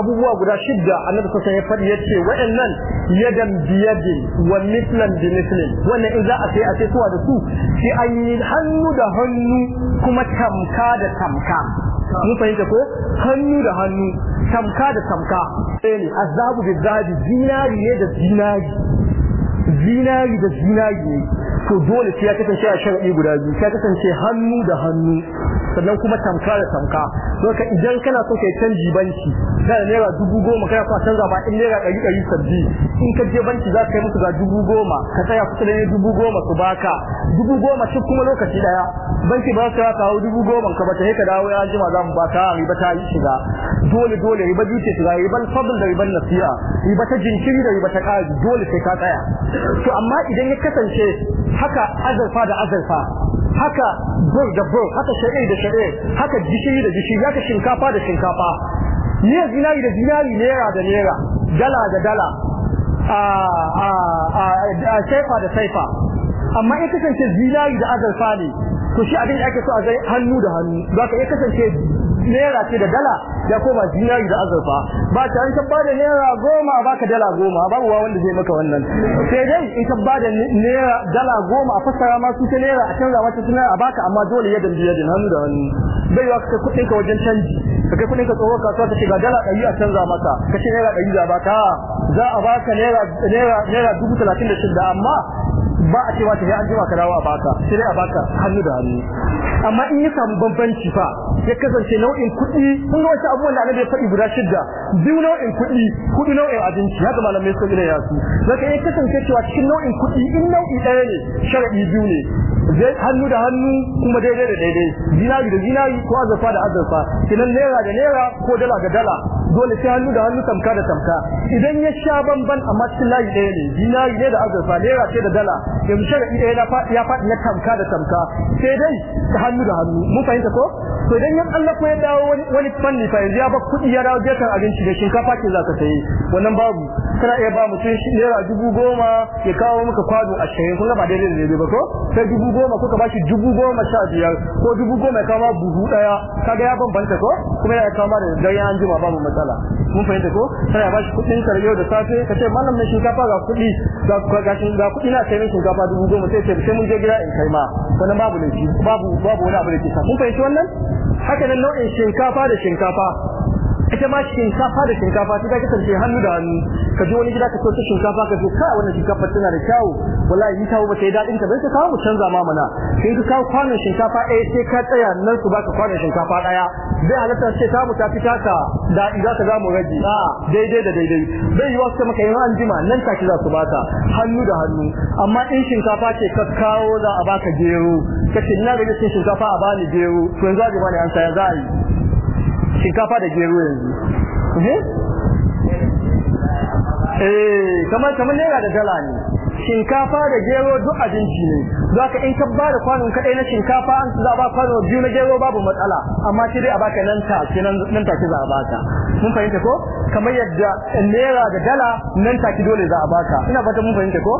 abubuwa guda shidda annabi sassan ya faɗi ya ce wa'annan yadan biyadin wa mislan bi mislin in za a sai a sai suwa da su sai an yi hannu da hannu kuma tamka da tamka mun fahimta ko hannu da hannu tamka da tamka sai ne azabu zabi dinari ne da zinari. zinari da zinari ne to dole sai ya kasance a sharadi guda biyu sai kasance hannu da hannu sannan kuma tamka da tamka don ka idan kana so ka yi canji banki a naira dubu goma kana so a canza ba in naira ɗari ɗari sabbi in ka je banki za ka yi musu ga dubu goma ka tsaya kusa da dubu goma su baka dubu goma shi kuma lokaci daya banki ba su kawo dubu goma ka bata ka dawo ya jima za mu baka riba ta yi shiga dole dole riba dutse shiga riban fadl da riban nasiha riba ta jinkiri da riba ta ƙari dole sai ka tsaya to amma idan ya kasance haka azalfa da azalfa haka bur da bur haka shari'i da shari'i haka gishiri da gishiri haka shinkafa da shinkafa ne zinari da zinari naira da naira dala da dala a a a saifa da saifa amma ya kasance zinari da azalfa ne to shi abin da ake so a zai hannu da hannu zaka ya kasance naira ce da dala ya koma dinari da azurfa ba ta an tabbada da naira goma a baka dala goma babu wa wanda zai maka wannan sai dai in tabbada da naira dala goma a fasara ma su ta naira a canza mata suna a baka amma dole ya dambiya da hannu da hannu bai wa ka kudin ka wajen canji ka kai kudin ka tsohon kasuwa ka ce ga dala ɗari a canza maka ka ce naira ɗari za baka za a baka naira naira naira dubu talatin da amma ba a cewa sai an jima ka dawo a baka sai a baka hannu da hannu amma in ya samu bambanci fa ya kasance nau'in kuɗi kun ga wasu abubuwan da annabi ya faɗi guda shidda biyu nau'in kuɗi kuɗi nau'in abinci Ya haka malamai sun gina yasu zaka ya kasance cewa cikin nau'in kuɗi in nau'i ɗaya ne sharadi biyu ne zai hannu da hannu kuma daidai da daidai zinari da zinari ko azurfa da azurfa kinan naira da naira ko dala da dala dole sai hannu da hannu tamka da tamka idan ya sha bamban amma cikin layi ɗaya ne zinari ne da azurfa naira ce da dala yanzu da ɗaya ya faɗi na tamka da tamka sai dai ta hannu da hannu mun fahimta ko to dan yan Allah ko ya dawo wani fanni fa yanzu ya ba kuɗi ya dawo jekan abinci da shinkafa ce za ka sayi wannan babu kana iya ba mutum shi naira dubu goma ya kawo maka kwado ashirin kun ga ba daidai da daidai ba ko sai dubu goma kuka bashi dubu goma sha biyar ko dubu goma ya kama buhu ɗaya kaga ya bambanta ko kuma ya kama da dare an jima mu matsala mun fahimta ko sai ya bashi kudin karyo da safe ka ce malam ne shinkafa ga kuɗi ga kudi na sai kai shinkafa dubu goma sai sai mun je gida in kai ma wani babu ne babu babu wani abu da ke sa mun fahimci wannan haka nan nau'in shinkafa da shinkafa ita ma shinkafa da shinkafa ta ga kasance hannu da hannu ka je wani gida ka so shinkafa ka so ka wannan shinkafa tana da kyau wallahi ni kawo ba sai dadin ka bai sai kawo mu canza ma mana sai ka kawo kwanon shinkafa ɗaya sai ka tsaya nan su baka kwanon shinkafa ɗaya zai halatta sai ta mu ta fita ka dadi za ka ga mu rage a daidai da daidai bai yi wasu maka yin anjima nan take za su baka hannu da hannu amma in shinkafa ce ka kawo za a baka gero kace ina da cin shinkafa a bani gero to yanzu a ji ne an saya za a yi shinkafa da gero yanzu eh kamar kamar naira da dala ne shinkafa da gero duk abinci ne zaka in ka bada kwanon kadai na shinkafa an za ba kwano biyu na gero babu matsala amma sai dai a baka nan ta ke nan nan ta ce za a baka mun fahimta ko kamar yadda naira da dala nan ta ki dole za a baka ina fata mun fahimta ko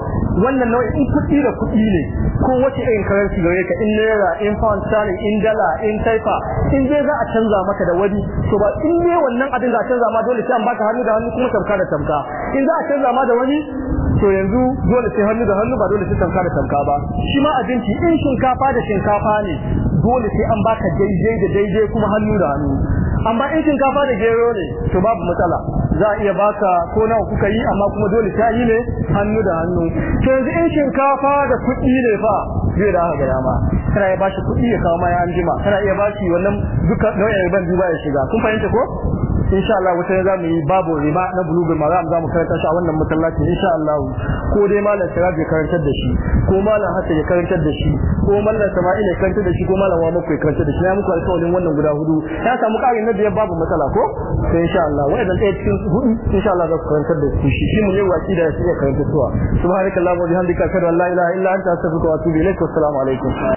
wannan nau'in kudi da kudi ne ko wace irin currency gare ka in naira in pound sterling in dala in taifa in dai za a canza maka da wani to ba in ne wannan abin za a canza ma dole sai an baka hannu da hannu kuma tamka da tamka in za a canza ma da wani to yanzu dole sai hannu da hannu ba dole sai tanka da tanka ba shi ma abinci in shinkafa da shinkafa ne dole sai an baka daidai da daidai kuma hannu da hannu amma in shinkafa da gero ne to babu matsala za a iya baka ko nawa kuka yi amma kuma dole sai yi ne hannu da hannu to yanzu in shinkafa da kuɗi ne fa zai da haka dama kana iya bashi kuɗi ya kawo ma ya anjima kana iya bashi wannan duka nau'in ban duba ya shiga kun fahimta ko insha Allah wata za mu yi babu riba na bulugul ma za mu karanta shi a wannan masallaci insha Allah ko dai malam Siraj ya karantar da shi ko malam Hassan ya karantar da shi ko malam Sama'il ya karantar da shi ko malam Wamako ya karantar da shi na muku alƙawarin wannan guda hudu ya samu ƙarin na biyar babu matsala ko sai insha Allah wa'adan ɗaya cikin hudu insha Allah za ku karantar da shi shi mu ne waki da su ya karanta suwa subhanakallahumma wa bihamdika ashhadu an la ilaha illa anta astaghfiruka wa atubu ilaik wa assalamu alaikum